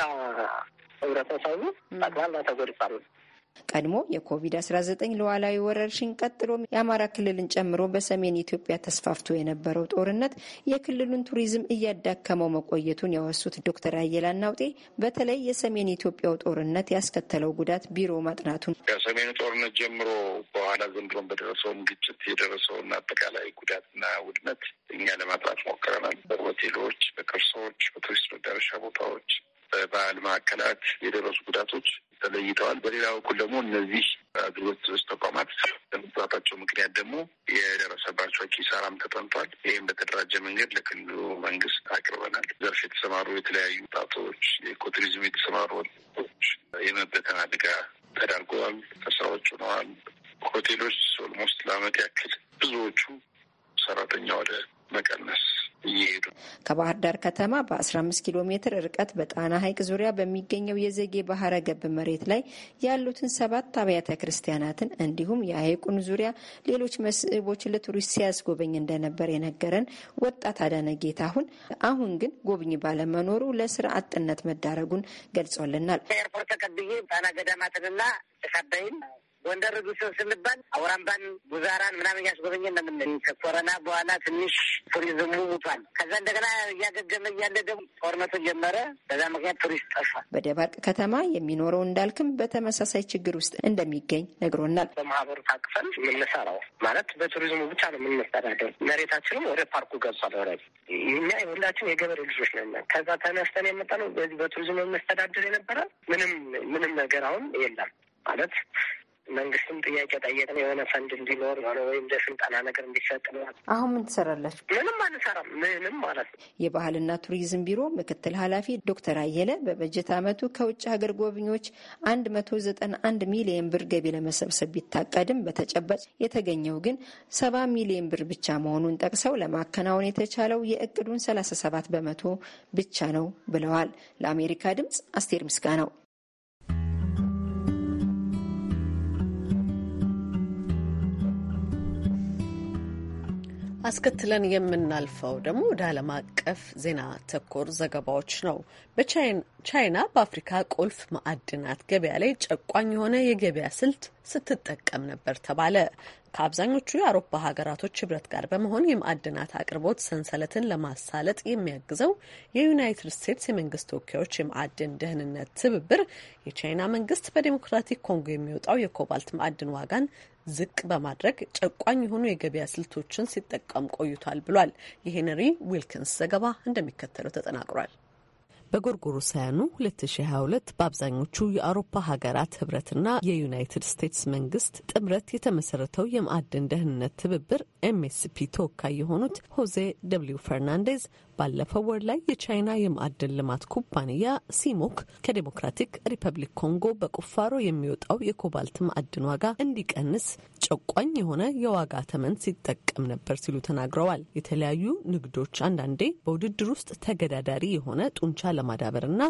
Speaker 4: ህብረተሰቡ ጠቅላላ ተጎድቷል።
Speaker 7: ቀድሞ የኮቪድ-19 ሉዓላዊ ወረርሽኝ ቀጥሎ የአማራ ክልልን ጨምሮ በሰሜን ኢትዮጵያ ተስፋፍቶ የነበረው ጦርነት የክልሉን ቱሪዝም እያዳከመው መቆየቱን ያወሱት ዶክተር አየላ ናውጤ በተለይ የሰሜን ኢትዮጵያው ጦርነት ያስከተለው ጉዳት ቢሮ ማጥናቱን ከሰሜኑ ጦርነት ጀምሮ በኋላ ዘንድሮን በደረሰውም ግጭት የደረሰውን አጠቃላይ
Speaker 4: ጉዳትና ውድመት እኛ ለማጥራት ሞክረናል። በሆቴሎች፣ በቅርሶች፣ በቱሪስት መዳረሻ ቦታዎች በበዓል ማዕከላት የደረሱ ጉዳቶች ተለይተዋል። በሌላ በኩል ደግሞ እነዚህ አገልግሎት ስ ተቋማት በመግባታቸው ምክንያት ደግሞ የደረሰባቸው ኪሳራም ተጠንቷል። ይህም በተደራጀ መንገድ ለክልሉ መንግስት አቅርበናል። ዘርፍ የተሰማሩ የተለያዩ ጣቶች፣ የኢኮቱሪዝም የተሰማሩ ወጣቶች የመበተን አደጋ ተዳርገዋል፣ ከስራዎች ሆነዋል። ሆቴሎች ኦልሞስት ለአመት ያክል ብዙዎቹ ሰራተኛ ወደ መቀነስ እየሄዱ
Speaker 7: ከባህር ዳር ከተማ በ15 ኪሎ ሜትር ርቀት በጣና ሐይቅ ዙሪያ በሚገኘው የዘጌ ባህረ ገብ መሬት ላይ ያሉትን ሰባት አብያተ ክርስቲያናትን እንዲሁም የሐይቁን ዙሪያ ሌሎች መስህቦች ለቱሪስት ሲያስጎበኝ እንደነበር የነገረን ወጣት አዳነ ጌታሁን አሁን ግን ጎብኝ ባለመኖሩ ለስራ አጥነት መዳረጉን ገልጾልናል። ኤርፖርት ተቀብዬ ጣና
Speaker 4: ገዳማትንና ተሳባይን ጎንደር ጉሶ ስንባል አውራምባን፣ ጉዛራን ምናምን እያስጎበኘ እንደምንል ከኮረና በኋላ ትንሽ ቱሪዝሙ ሙቷል። ከዛ እንደገና እያገገመ እያለ ደግሞ ጦርነቱ ጀመረ። በዛ ምክንያት ቱሪስት ጠፋል።
Speaker 7: በደባርቅ ከተማ የሚኖረው እንዳልክም በተመሳሳይ ችግር ውስጥ እንደሚገኝ ነግሮናል።
Speaker 4: በማህበሩ ታቅፈን የምንሰራው ማለት በቱሪዝሙ ብቻ ነው የምንስተዳደር። መሬታችንም ወደ ፓርኩ ገብሷል። ረ እኛ የሁላችን የገበሬ ልጆች ነን። ከዛ ተነስተን የመጣ ነው በዚህ በቱሪዝሙ የምንስተዳደር የነበረ ምንም ምንም ነገር አሁን የለም ማለት መንግስትም ጥያቄ ጠየቅ ነው የሆነ ፈንድ እንዲኖር የሆነ ወይም ስልጠና ነገር እንዲሰጥ ነው።
Speaker 7: አሁን ምን ትሰራላችሁ? ምንም አንሰራም። ምንም ማለት ነው። የባህልና ቱሪዝም ቢሮ ምክትል ኃላፊ ዶክተር አየለ በበጀት አመቱ ከውጭ ሀገር ጎብኚዎች አንድ መቶ ዘጠና አንድ ሚሊየን ብር ገቢ ለመሰብሰብ ቢታቀድም በተጨባጭ የተገኘው ግን ሰባ ሚሊየን ብር ብቻ መሆኑን ጠቅሰው ለማከናወን የተቻለው የእቅዱን ሰላሳ ሰባት በመቶ ብቻ ነው ብለዋል። ለአሜሪካ ድምጽ አስቴር ምስጋ ነው።
Speaker 1: አስከትለን የምናልፈው ደግሞ ወደ ዓለም አቀፍ ዜና ተኮር ዘገባዎች ነው። በቻይና በአፍሪካ ቁልፍ ማዕድናት ገበያ ላይ ጨቋኝ የሆነ የገበያ ስልት ስትጠቀም ነበር ተባለ። ከአብዛኞቹ የአውሮፓ ሀገራቶች ህብረት ጋር በመሆን የማዕድናት አቅርቦት ሰንሰለትን ለማሳለጥ የሚያግዘው የዩናይትድ ስቴትስ የመንግስት ተወካዮች የማዕድን ደህንነት ትብብር የቻይና መንግስት በዴሞክራቲክ ኮንጎ የሚወጣው የኮባልት ማዕድን ዋጋን ዝቅ በማድረግ ጨቋኝ የሆኑ የገበያ ስልቶችን ሲጠቀም ቆይቷል ብሏል። የሄነሪ ዊልኪንስ ዘገባ እንደሚከተለው ተጠናቅሯል። በጎርጎሮ ሳያኑ 2022 በአብዛኞቹ የአውሮፓ ሀገራት ህብረትና የዩናይትድ ስቴትስ መንግስት ጥምረት የተመሰረተው የማዕድን ደህንነት ትብብር ኤምኤስፒ ተወካይ የሆኑት ሆዜ ደብሊው ፈርናንዴዝ ባለፈው ወር ላይ የቻይና የማዕድን ልማት ኩባንያ ሲሞክ ከዴሞክራቲክ ሪፐብሊክ ኮንጎ በቁፋሮ የሚወጣው የኮባልት ማዕድን ዋጋ እንዲቀንስ ጨቋኝ የሆነ የዋጋ ተመን ሲጠቀም ነበር ሲሉ ተናግረዋል። የተለያዩ ንግዶች አንዳንዴ በውድድር ውስጥ ተገዳዳሪ የሆነ ጡንቻ ለማዳበርና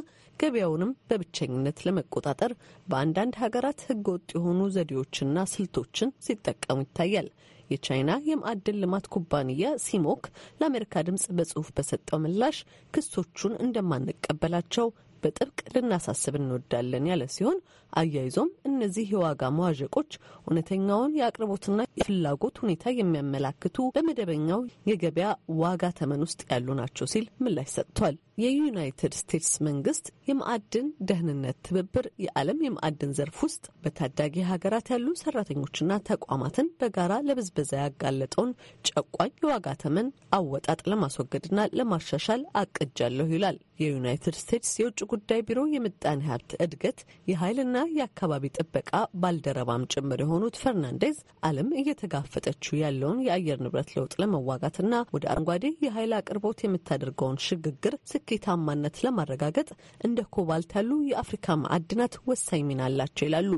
Speaker 1: ገበያውንም በብቸኝነት ለመቆጣጠር በአንዳንድ ሀገራት ህገወጥ የሆኑ ዘዴዎችና ስልቶችን ሲጠቀሙ ይታያል። የቻይና የማዕድን ልማት ኩባንያ ሲሞክ ለአሜሪካ ድምፅ በጽሁፍ በሰጠው ምላሽ ክሶቹን እንደማንቀበላቸው በጥብቅ ልናሳስብ እንወዳለን ያለ ሲሆን አያይዞም እነዚህ የዋጋ መዋዠቆች እውነተኛውን የአቅርቦትና የፍላጎት ሁኔታ የሚያመላክቱ በመደበኛው የገበያ ዋጋ ተመን ውስጥ ያሉ ናቸው ሲል ምላሽ ሰጥቷል። የዩናይትድ ስቴትስ መንግስት የማዕድን ደህንነት ትብብር የዓለም የማዕድን ዘርፍ ውስጥ በታዳጊ ሀገራት ያሉ ሰራተኞችና ተቋማትን በጋራ ለብዝበዛ ያጋለጠውን ጨቋኝ የዋጋ ተመን አወጣጥ ለማስወገድና ለማሻሻል አቅጃለሁ ይላል። የዩናይትድ ስቴትስ የውጭ ጉዳይ ቢሮ የምጣኔ ሀብት እድገት የኃይልና የአካባቢ ጥበቃ ባልደረባም ጭምር የሆኑት ፈርናንዴዝ ዓለም እየተጋፈጠችው ያለውን የአየር ንብረት ለውጥ ለመዋጋትና ወደ አረንጓዴ የኃይል አቅርቦት የምታደርገውን ሽግግር ስኬታማነት ለማረጋገጥ እንደ ኮባልት ያሉ የአፍሪካ ማዕድናት ወሳኝ ሚና አላቸው ይላሉ።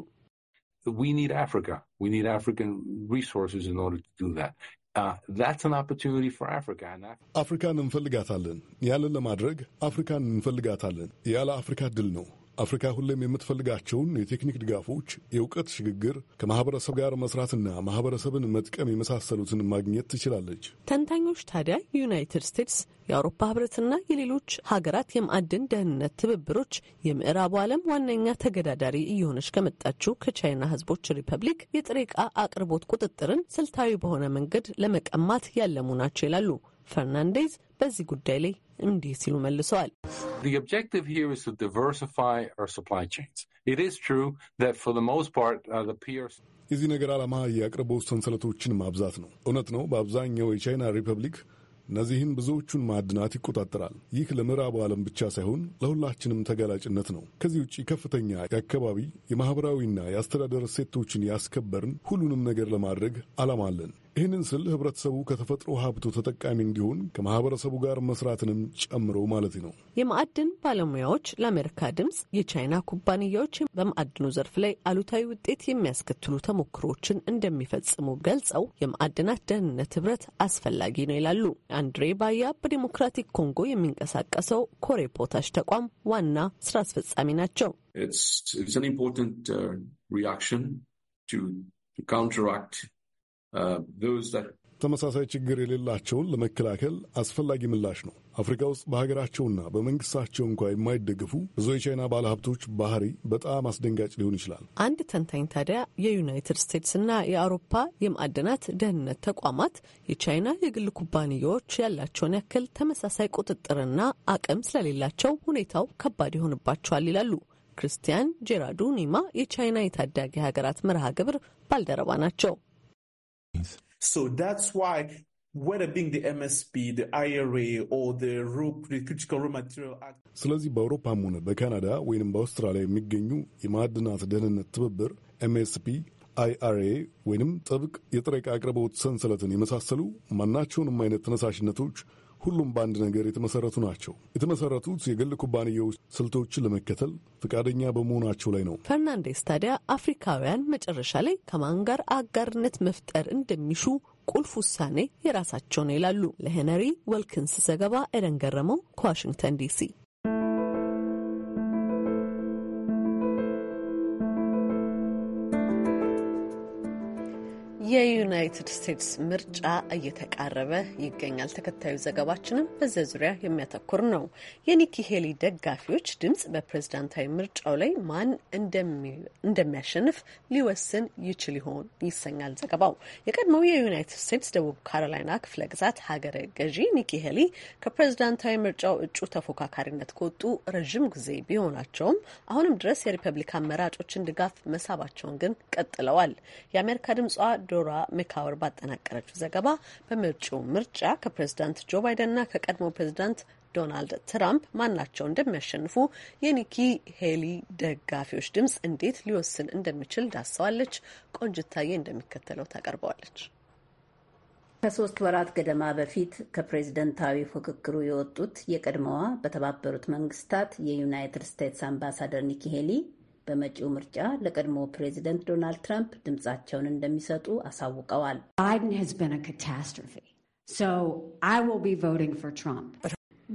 Speaker 8: አፍሪካን uh, እንፈልጋታለን። ያለን ለማድረግ አፍሪካን እንፈልጋታለን። ያለ አፍሪካ ድል ነው አፍሪካ ሁሌም የምትፈልጋቸውን የቴክኒክ ድጋፎች፣ የእውቀት ሽግግር፣ ከማህበረሰብ ጋር መስራትና ማህበረሰብን መጥቀም የመሳሰሉትን ማግኘት ትችላለች።
Speaker 1: ተንታኞች ታዲያ ዩናይትድ ስቴትስ የአውሮፓ ህብረትና የሌሎች ሀገራት የማዕድን ደህንነት ትብብሮች የምዕራቡ ዓለም ዋነኛ ተገዳዳሪ እየሆነች ከመጣችው ከቻይና ህዝቦች ሪፐብሊክ የጥሬ ዕቃ አቅርቦት ቁጥጥርን ስልታዊ በሆነ መንገድ ለመቀማት ያለሙ ናቸው ይላሉ። ፈርናንዴዝ በዚህ ጉዳይ ላይ እንዲህ ሲሉ መልሰዋል።
Speaker 8: የዚህ ነገር ዓላማ የአቅርቦት ሰንሰለቶችን ማብዛት ነው። እውነት ነው፣ በአብዛኛው የቻይና ሪፐብሊክ እነዚህን ብዙዎቹን ማዕድናት ይቆጣጠራል። ይህ ለምዕራቡ ዓለም ብቻ ሳይሆን ለሁላችንም ተጋላጭነት ነው። ከዚህ ውጭ ከፍተኛ የአካባቢ የማኅበራዊና የአስተዳደር እሴቶችን ያስከበርን ሁሉንም ነገር ለማድረግ ዓላማ አለን። ይህንን ስል ህብረተሰቡ ከተፈጥሮ ሀብቱ ተጠቃሚ እንዲሆን ከማህበረሰቡ ጋር መስራትንም ጨምሮ ማለት ነው።
Speaker 1: የማዕድን ባለሙያዎች ለአሜሪካ ድምፅ የቻይና ኩባንያዎች በማዕድኑ ዘርፍ ላይ አሉታዊ ውጤት የሚያስከትሉ ተሞክሮዎችን እንደሚፈጽሙ ገልጸው የማዕድናት ደህንነት ህብረት አስፈላጊ ነው ይላሉ። አንድሬ ባያ በዲሞክራቲክ ኮንጎ የሚንቀሳቀሰው ኮሬ ፖታሽ ተቋም ዋና ስራ አስፈጻሚ ናቸው።
Speaker 8: ኢትስ አን ኢምፖርታንት ሪአክሽን ቱ ካውንተራክት Uh, ተመሳሳይ ችግር የሌላቸውን ለመከላከል አስፈላጊ ምላሽ ነው። አፍሪካ ውስጥ በሀገራቸውና በመንግስታቸው እንኳ የማይደግፉ ብዙ የቻይና ባለሀብቶች ባህሪ በጣም አስደንጋጭ ሊሆን ይችላል።
Speaker 1: አንድ ተንታኝ ታዲያ የዩናይትድ ስቴትስና የአውሮፓ የማዕድናት ደህንነት ተቋማት የቻይና የግል ኩባንያዎች ያላቸውን ያክል ተመሳሳይ ቁጥጥርና አቅም ስለሌላቸው ሁኔታው ከባድ ይሆንባቸዋል ይላሉ። ክርስቲያን ጄራዱ ኒማ የቻይና የታዳጊ ሀገራት መርሃ ግብር ባልደረባ ናቸው።
Speaker 9: So that's why
Speaker 8: ስለዚህ በአውሮፓም ሆነ በካናዳ ወይም በአውስትራሊያ የሚገኙ የማዕድናት ደህንነት ትብብር ኤምኤስፒ፣ አይአርኤ ወይንም ጥብቅ የጥሬ ዕቃ አቅርቦት ሰንሰለትን የመሳሰሉ ማናቸውንም አይነት ተነሳሽነቶች ሁሉም በአንድ ነገር የተመሰረቱ ናቸው። የተመሰረቱት የግል ኩባንያዎች ስልቶችን ለመከተል ፈቃደኛ በመሆናቸው ላይ ነው።
Speaker 1: ፈርናንዴስ ታዲያ አፍሪካውያን መጨረሻ ላይ ከማን ጋር አጋርነት መፍጠር እንደሚሹ ቁልፍ ውሳኔ የራሳቸው ነው ይላሉ። ለሄነሪ ወልኪንስ ዘገባ ኤደን ገረመው ከዋሽንግተን ዲሲ የዩናይትድ ስቴትስ ምርጫ እየተቃረበ ይገኛል። ተከታዩ ዘገባችንም በዚያ ዙሪያ የሚያተኩር ነው። የኒኪ ሄሊ ደጋፊዎች ድምጽ በፕሬዝዳንታዊ ምርጫው ላይ ማን እንደሚያሸንፍ ሊወስን ይችል ይሆን ይሰኛል ዘገባው። የቀድሞው የዩናይትድ ስቴትስ ደቡብ ካሮላይና ክፍለ ግዛት ሀገረ ገዢ ኒኪ ሄሊ ከፕሬዝዳንታዊ ምርጫው እጩ ተፎካካሪነት ከወጡ ረዥም ጊዜ ቢሆናቸውም አሁንም ድረስ የሪፐብሊካን መራጮችን ድጋፍ መሳባቸውን ግን ቀጥለዋል። የአሜሪካ ድምጿ ሎራ ሜካወር ባጠናቀረችው ዘገባ በመጪው ምርጫ ከፕሬዝዳንት ጆ ባይደንና ከቀድሞ ፕሬዝዳንት ዶናልድ ትራምፕ ማናቸው እንደሚያሸንፉ የኒኪ ሄሊ ደጋፊዎች ድምፅ እንዴት ሊወስን እንደሚችል
Speaker 10: ዳሰዋለች። ቆንጅታዬ እንደሚከተለው ታቀርበዋለች። ከሶስት ወራት ገደማ በፊት ከፕሬዝደንታዊ ፉክክሩ የወጡት የቀድሞዋ በተባበሩት መንግስታት የዩናይትድ ስቴትስ አምባሳደር ኒኪ ሄሊ በመጪው ምርጫ ለቀድሞ ፕሬዚደንት ዶናልድ ትራምፕ ድምፃቸውን እንደሚሰጡ አሳውቀዋል።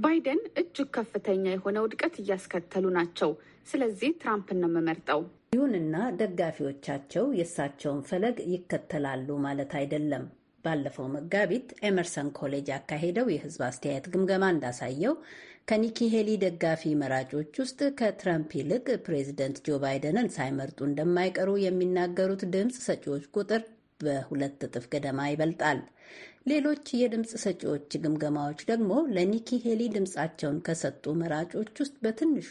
Speaker 11: ባይደን እጅግ ከፍተኛ የሆነ ውድቀት እያስከተሉ ናቸው። ስለዚህ ትራምፕን ነው የምመርጠው። ይሁንና
Speaker 10: ደጋፊዎቻቸው የእሳቸውን ፈለግ ይከተላሉ ማለት አይደለም። ባለፈው መጋቢት ኤመርሰን ኮሌጅ ያካሄደው የሕዝብ አስተያየት ግምገማ እንዳሳየው ከኒኪ ሄሊ ደጋፊ መራጮች ውስጥ ከትራምፕ ይልቅ ፕሬዚደንት ጆ ባይደንን ሳይመርጡ እንደማይቀሩ የሚናገሩት ድምፅ ሰጪዎች ቁጥር በሁለት እጥፍ ገደማ ይበልጣል። ሌሎች የድምፅ ሰጪዎች ግምገማዎች ደግሞ ለኒኪ ሄሊ ድምፃቸውን ከሰጡ መራጮች ውስጥ በትንሹ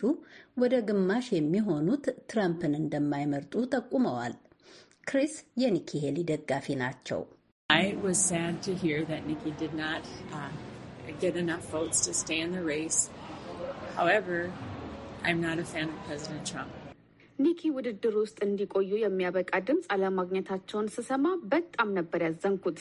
Speaker 10: ወደ ግማሽ የሚሆኑት ትራምፕን እንደማይመርጡ ጠቁመዋል። ክሪስ የኒኪ ሄሊ ደጋፊ ናቸው።
Speaker 7: did get enough votes to stay in the race. However, I'm not a fan of President Trump.
Speaker 11: ኒኪ ውድድር ውስጥ እንዲቆዩ የሚያበቃ ድምፅ አለማግኘታቸውን ስሰማ በጣም ነበር ያዘንኩት።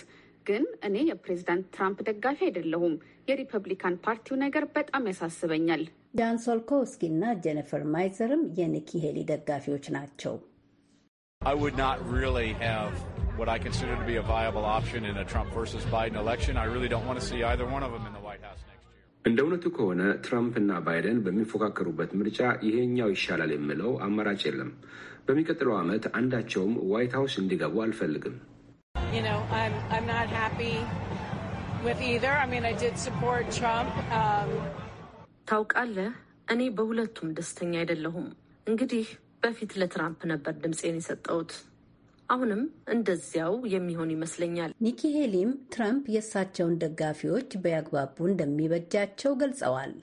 Speaker 11: ግን እኔ የፕሬዚዳንት ትራምፕ ደጋፊ አይደለሁም። የሪፐብሊካን ፓርቲው ነገር በጣም ያሳስበኛል።
Speaker 10: ጃን ሶልኮውስኪ እና ጄኒፈር ማይዘርም የኒኪ ሄሊ ደጋፊዎች ናቸው።
Speaker 3: I would not really have what I consider to be a viable option in a Trump versus Biden election. I really don't want to see either one of them in the White House next
Speaker 5: year. እንደ እውነቱ ከሆነ am ባይደን በሚፎካከሩበት ምርጫ ይሄኛው ይሻላል የምለው አማራጭ የለም። በሚቀጥለው ዓመት አንዳቸውም ዋይት ሀውስ እንዲገቡ አልፈልግም።
Speaker 4: um,
Speaker 1: ታውቃለህ፣ እኔ በሁለቱም ደስተኛ አይደለሁም። እንግዲህ በፊት ለትራምፕ ነበር ድምፄን
Speaker 10: የሰጠሁት። አሁንም እንደዚያው የሚሆን ይመስለኛል። ኒኪ ሄሊም ትራምፕ የእሳቸውን ደጋፊዎች በያግባቡ እንደሚበጃቸው ገልጸዋል።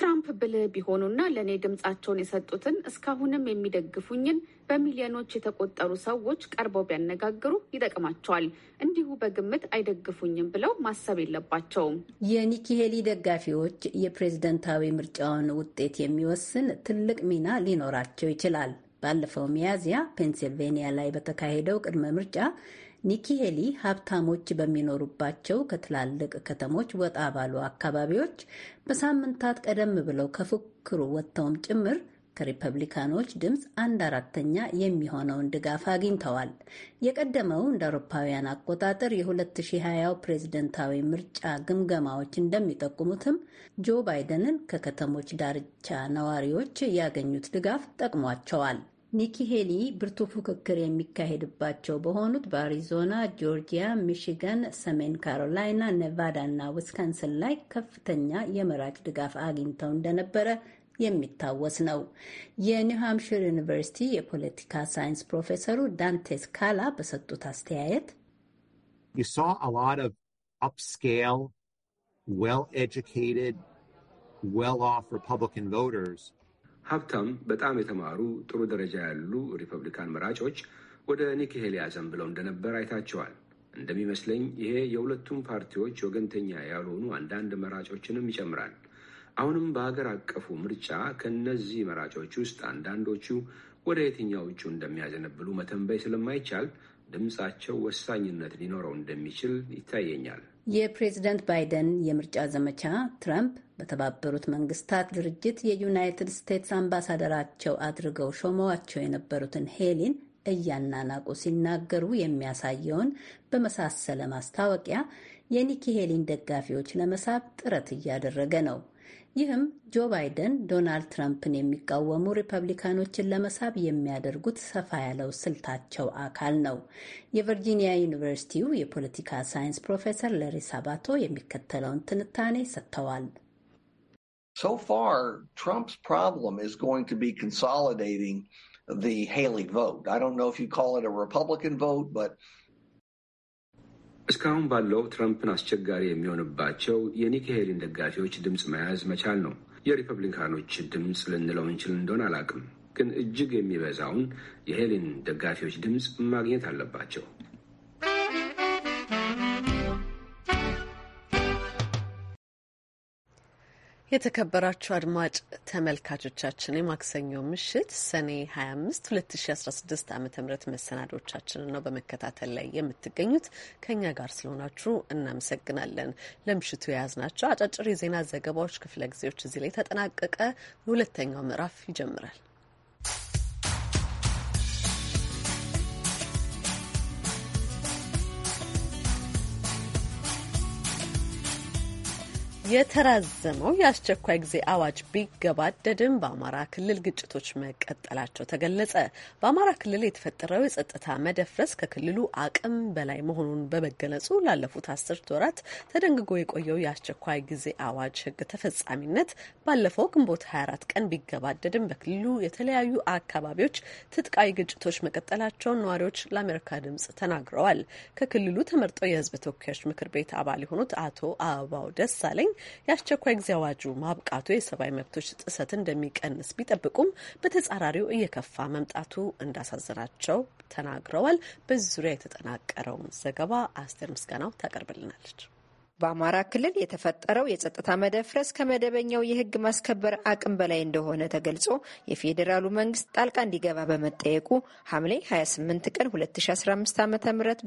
Speaker 11: ትራምፕ ብልህ ቢሆኑና ለእኔ ድምፃቸውን የሰጡትን እስካሁንም የሚደግፉኝን በሚሊዮኖች የተቆጠሩ ሰዎች ቀርበው ቢያነጋግሩ ይጠቅማቸዋል። እንዲሁ በግምት አይደግፉኝም ብለው ማሰብ የለባቸውም።
Speaker 10: የኒኪ ሄሊ ደጋፊዎች የፕሬዝደንታዊ ምርጫውን ውጤት የሚወስን ትልቅ ሚና ሊኖራቸው ይችላል። ባለፈው ሚያዝያ ፔንሲልቬኒያ ላይ በተካሄደው ቅድመ ምርጫ ኒኪ ሄሊ ሀብታሞች በሚኖሩባቸው ከትላልቅ ከተሞች ወጣ ባሉ አካባቢዎች በሳምንታት ቀደም ብለው ከፉክክሩ ወጥተውም ጭምር ከሪፐብሊካኖች ድምፅ አንድ አራተኛ የሚሆነውን ድጋፍ አግኝተዋል። የቀደመው እንደ አውሮፓውያን አቆጣጠር የ2020 ፕሬዝደንታዊ ምርጫ ግምገማዎች እንደሚጠቁሙትም ጆ ባይደንን ከከተሞች ዳርቻ ነዋሪዎች ያገኙት ድጋፍ ጠቅሟቸዋል። ኒኪ ሄሊ ብርቱ ፉክክር የሚካሄድባቸው በሆኑት በአሪዞና፣ ጆርጂያ፣ ሚሽገን፣ ሰሜን ካሮላይና፣ ኔቫዳ እና ዊስካንስን ላይ ከፍተኛ የመራጭ ድጋፍ አግኝተው እንደነበረ የሚታወስ ነው። የኒው ሃምሽር ዩኒቨርሲቲ የፖለቲካ ሳይንስ ፕሮፌሰሩ ዳንቴ ስካላ በሰጡት አስተያየት
Speaker 5: ሀብታም፣ በጣም የተማሩ ጥሩ ደረጃ ያሉ ሪፐብሊካን መራጮች ወደ ኒክ ሄሊ ብለው እንደነበር አይታቸዋል። እንደሚመስለኝ ይሄ የሁለቱም ፓርቲዎች ወገንተኛ ያልሆኑ አንዳንድ መራጮችንም ይጨምራል። አሁንም በሀገር አቀፉ ምርጫ ከእነዚህ መራጮች ውስጥ አንዳንዶቹ ወደ የትኛዎቹ እንደሚያዘነብሉ መተንበይ ስለማይቻል ድምጻቸው ወሳኝነት ሊኖረው እንደሚችል ይታየኛል።
Speaker 10: የፕሬዝደንት ባይደን የምርጫ ዘመቻ ትራምፕ በተባበሩት መንግስታት ድርጅት የዩናይትድ ስቴትስ አምባሳደራቸው አድርገው ሾመዋቸው የነበሩትን ሄሊን እያናናቁ ሲናገሩ የሚያሳየውን በመሳሰለ ማስታወቂያ የኒኪ ሄሊን ደጋፊዎች ለመሳብ ጥረት እያደረገ ነው። ይህም ጆ ባይደን ዶናልድ ትራምፕን የሚቃወሙ ሪፐብሊካኖችን ለመሳብ የሚያደርጉት ሰፋ ያለው ስልታቸው አካል ነው። የቨርጂኒያ ዩኒቨርሲቲው የፖለቲካ ሳይንስ ፕሮፌሰር ለሪ ሳባቶ የሚከተለውን ትንታኔ ሰጥተዋል።
Speaker 4: So far, Trump's problem is going to be consolidating the Haley vote. I don't know if you call it a
Speaker 5: Republican vote, but እስካሁን ባለው ትራምፕን አስቸጋሪ የሚሆንባቸው የኒኪ ሄሊን ደጋፊዎች ድምፅ መያዝ መቻል ነው። የሪፐብሊካኖች ድምፅ ልንለው እንችል እንደሆን አላውቅም፣ ግን እጅግ የሚበዛውን የሄሊን ደጋፊዎች ድምፅ ማግኘት አለባቸው።
Speaker 1: የተከበራችሁ አድማጭ ተመልካቾቻችን የማክሰኞ ምሽት ሰኔ 25 2016 ዓ ም መሰናዶቻችንን ነው በመከታተል ላይ የምትገኙት። ከኛ ጋር ስለሆናችሁ እናመሰግናለን። ለምሽቱ የያዝናቸው አጫጭር የዜና ዘገባዎች ክፍለ ጊዜዎች እዚህ ላይ ተጠናቀቀ። የሁለተኛው ምዕራፍ ይጀምራል። የተራዘመው የአስቸኳይ ጊዜ አዋጅ ቢገባደድም በአማራ ክልል ግጭቶች መቀጠላቸው ተገለጸ። በአማራ ክልል የተፈጠረው የጸጥታ መደፍረስ ከክልሉ አቅም በላይ መሆኑን በመገለጹ ላለፉት አስርት ወራት ተደንግጎ የቆየው የአስቸኳይ ጊዜ አዋጅ ሕግ ተፈጻሚነት ባለፈው ግንቦት 24 ቀን ቢገባደድም በክልሉ የተለያዩ አካባቢዎች ትጥቃዊ ግጭቶች መቀጠላቸውን ነዋሪዎች ለአሜሪካ ድምጽ ተናግረዋል። ከክልሉ ተመርጠው የሕዝብ ተወካዮች ምክር ቤት አባል የሆኑት አቶ አበባው ደሳለኝ የአስቸኳይ ጊዜ አዋጁ ማብቃቱ የሰብአዊ መብቶች ጥሰት እንደሚቀንስ ቢጠብቁም በተጻራሪው እየከፋ መምጣቱ እንዳሳዘናቸው ተናግረዋል።
Speaker 7: በዚህ ዙሪያ የተጠናቀረውን ዘገባ አስቴር ምስጋናው ታቀርብልናለች። በአማራ ክልል የተፈጠረው የጸጥታ መደፍረስ ከመደበኛው የህግ ማስከበር አቅም በላይ እንደሆነ ተገልጾ የፌዴራሉ መንግስት ጣልቃ እንዲገባ በመጠየቁ ሐምሌ 28 ቀን 2015 ዓ ም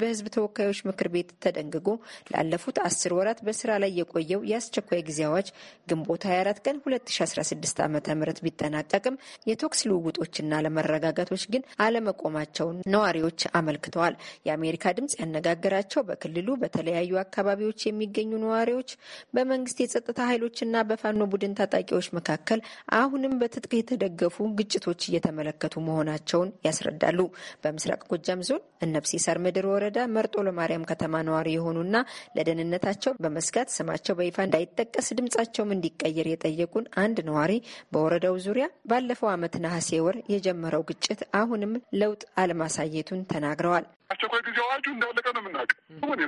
Speaker 7: በህዝብ ተወካዮች ምክር ቤት ተደንግጎ ላለፉት አስር ወራት በስራ ላይ የቆየው የአስቸኳይ ጊዜ አዋጅ ግንቦት 24 ቀን 2016 ዓ ም ቢጠናቀቅም የቶክስ ልውውጦችና አለመረጋጋቶች ግን አለመቆማቸውን ነዋሪዎች አመልክተዋል። የአሜሪካ ድምጽ ያነጋገራቸው በክልሉ በተለያዩ አካባቢዎች የሚገ የሚገኙ ነዋሪዎች በመንግስት የጸጥታ ኃይሎችና በፋኖ ቡድን ታጣቂዎች መካከል አሁንም በትጥቅ የተደገፉ ግጭቶች እየተመለከቱ መሆናቸውን ያስረዳሉ። በምስራቅ ጎጃም ዞን እነብሴ ሳር ምድር ወረዳ መርጦ ለማርያም ከተማ ነዋሪ የሆኑና ለደህንነታቸው በመስጋት ስማቸው በይፋ እንዳይጠቀስ ድምጻቸውም እንዲቀየር የጠየቁን አንድ ነዋሪ በወረዳው ዙሪያ ባለፈው ዓመት ነሐሴ ወር የጀመረው ግጭት አሁንም ለውጥ አለማሳየቱን ተናግረዋል።
Speaker 4: አስቸኳይ ጊዜ አዋጁ እንዳለቀ ነው የምናውቅ።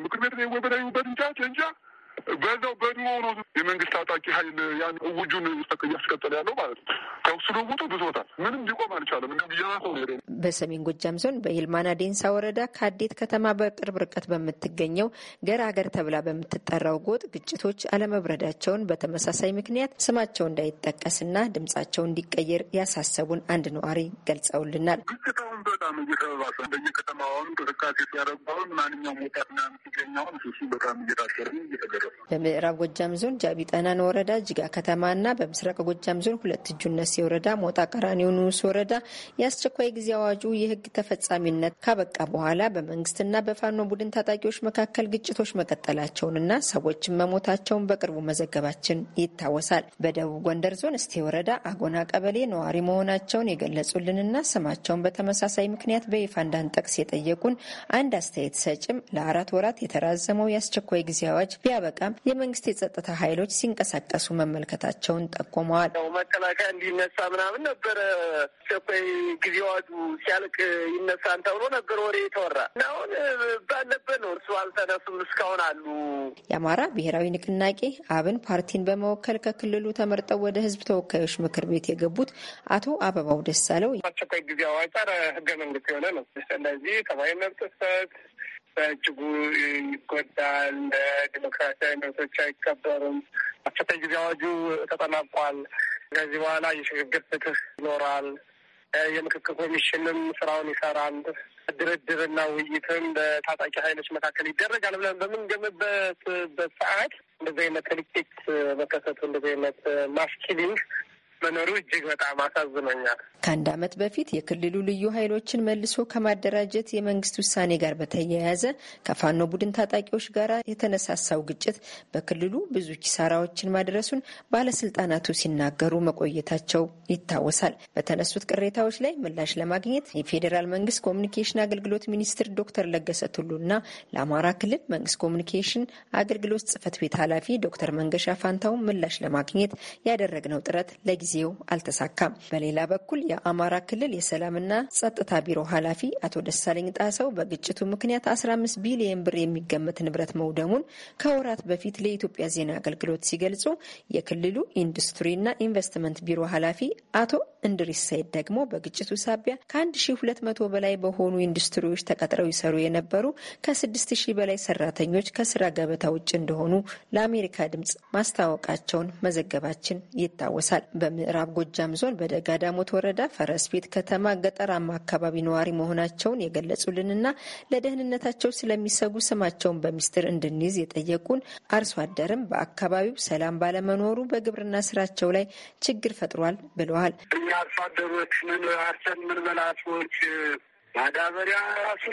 Speaker 4: ምክር ቤት ወበዳዩበት እንጃ ቸንጃ በዛው በድሮ ሆኖ የመንግስት አጣቂ ኃይል ያን እውጁን እያስቀጠለ ያለው ማለት ነው። ያው እሱ ብዞታል። ምንም ሊቆም አልቻለም።
Speaker 7: በሰሜን ጎጃም ዞን በይልማና ዴንሳ ወረዳ ከአዴት ከተማ በቅርብ ርቀት በምትገኘው ገር ገራገር ተብላ በምትጠራው ጎጥ ግጭቶች አለመብረዳቸውን በተመሳሳይ ምክንያት ስማቸው እንዳይጠቀስና ድምጻቸው እንዲቀየር ያሳሰቡን አንድ ነዋሪ ገልጸውልናል። ግጭታውን በጣም እየተባባሰ በየከተማውን እንቅስቃሴ ሲያደርገውን ማንኛውም ወጣትና እሱ በጣም እየታሰረ እየተገ በምዕራብ ጎጃም ዞን ጃቢ ጠህናን ወረዳ ጅጋ ከተማና በምስራቅ ጎጃም ዞን ሁለት እጁነሴ ወረዳ ሞጣ ቀራኒው ንዑስ ወረዳ የአስቸኳይ ጊዜ አዋጁ የህግ ተፈጻሚነት ካበቃ በኋላ በመንግስትና በፋኖ ቡድን ታጣቂዎች መካከል ግጭቶች መቀጠላቸውንና ሰዎችን መሞታቸውን በቅርቡ መዘገባችን ይታወሳል። በደቡብ ጎንደር ዞን እስቴ ወረዳ አጎና ቀበሌ ነዋሪ መሆናቸውን የገለጹልንና ስማቸውን በተመሳሳይ ምክንያት በይፋ እንዳንጠቅስ የጠየቁን አንድ አስተያየት ሰጭም ለአራት ወራት የተራዘመው የአስቸኳይ ጊዜ አዋጅ ቢያበቃ ጥበቃ የመንግስት የጸጥታ ኃይሎች ሲንቀሳቀሱ መመልከታቸውን ጠቁመዋል። መከላከያ እንዲነሳ ምናምን ነበረ ቸኳይ ጊዜ አዋጁ ሲያልቅ ይነሳን
Speaker 4: ተብሎ ነበር ወሬ የተወራ እና አሁን ባለበት ነው እርሱ አልተነሱም እስካሁን አሉ። የአማራ ብሔራዊ
Speaker 7: ንቅናቄ አብን ፓርቲን በመወከል ከክልሉ ተመርጠው ወደ ህዝብ ተወካዮች ምክር ቤት የገቡት አቶ አበባው ደሳለው አስቸኳይ ጊዜ አዋጅ ህገ መንግስት የሆነ ነው። እንደዚህ ሰብአዊ መብት ጥሰት
Speaker 4: በእጅጉ ይጎዳል። ዲሞክራሲያዊ መብቶች አይከበሩም። አስቸኳይ ጊዜ አዋጁ ተጠናቋል። ከዚህ በኋላ የሽግግር ፍትህ ይኖራል። የምክክር ኮሚሽንም ስራውን ይሰራል። ድርድርና ውይይትም በታጣቂ ኃይሎች መካከል ይደረጋል ብለን በምንገምበት ሰዓት እንደዚህ አይነት ክሊኬት መከሰቱ እንደዚህ አይነት ማስኪሊንግ መኖሩ እጅግ በጣም አሳዝኖኛል።
Speaker 7: ከአንድ ዓመት በፊት የክልሉ ልዩ ኃይሎችን መልሶ ከማደራጀት የመንግስት ውሳኔ ጋር በተያያዘ ከፋኖ ቡድን ታጣቂዎች ጋር የተነሳሳው ግጭት በክልሉ ብዙ ኪሳራዎችን ማድረሱን ባለስልጣናቱ ሲናገሩ መቆየታቸው ይታወሳል። በተነሱት ቅሬታዎች ላይ ምላሽ ለማግኘት የፌዴራል መንግስት ኮሚኒኬሽን አገልግሎት ሚኒስትር ዶክተር ለገሰ ቱሉና ለአማራ ክልል መንግስት ኮሚኒኬሽን አገልግሎት ጽህፈት ቤት ኃላፊ ዶክተር መንገሻ ፋንታውን ምላሽ ለማግኘት ያደረግነው ጥረት ለጊዜ ለጊዜው አልተሳካም። በሌላ በኩል የአማራ ክልል የሰላምና ጸጥታ ቢሮ ኃላፊ አቶ ደሳለኝ ጣሰው በግጭቱ ምክንያት 15 ቢሊየን ብር የሚገመት ንብረት መውደሙን ከወራት በፊት ለኢትዮጵያ ዜና አገልግሎት ሲገልጹ የክልሉ ኢንዱስትሪና ኢንቨስትመንት ቢሮ ኃላፊ አቶ እንድሪስ ሰይድ ደግሞ በግጭቱ ሳቢያ ከ1200 በላይ በሆኑ ኢንዱስትሪዎች ተቀጥረው ይሰሩ የነበሩ ከ6000 በላይ ሰራተኞች ከስራ ገበታ ውጭ እንደሆኑ ለአሜሪካ ድምጽ ማስታወቃቸውን መዘገባችን ይታወሳል። በምዕራብ ጎጃም ዞን በደጋዳሞት ወረዳ ፈረስ ቤት ከተማ ገጠራማ አካባቢ ነዋሪ መሆናቸውን የገለጹልንና ለደህንነታቸው ስለሚሰጉ ስማቸውን በሚስጥር እንድንይዝ የጠየቁን አርሶ አደርም በአካባቢው ሰላም ባለመኖሩ በግብርና ስራቸው ላይ ችግር ፈጥሯል ብለዋል።
Speaker 4: እኛ አርሶ አደሮች ምን አርሰን ምን መላሶች ማዳበሪያ ራሱ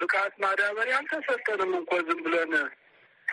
Speaker 4: ብቃት ማዳበሪያ አልተሰጠንም እኮ ዝም ብለን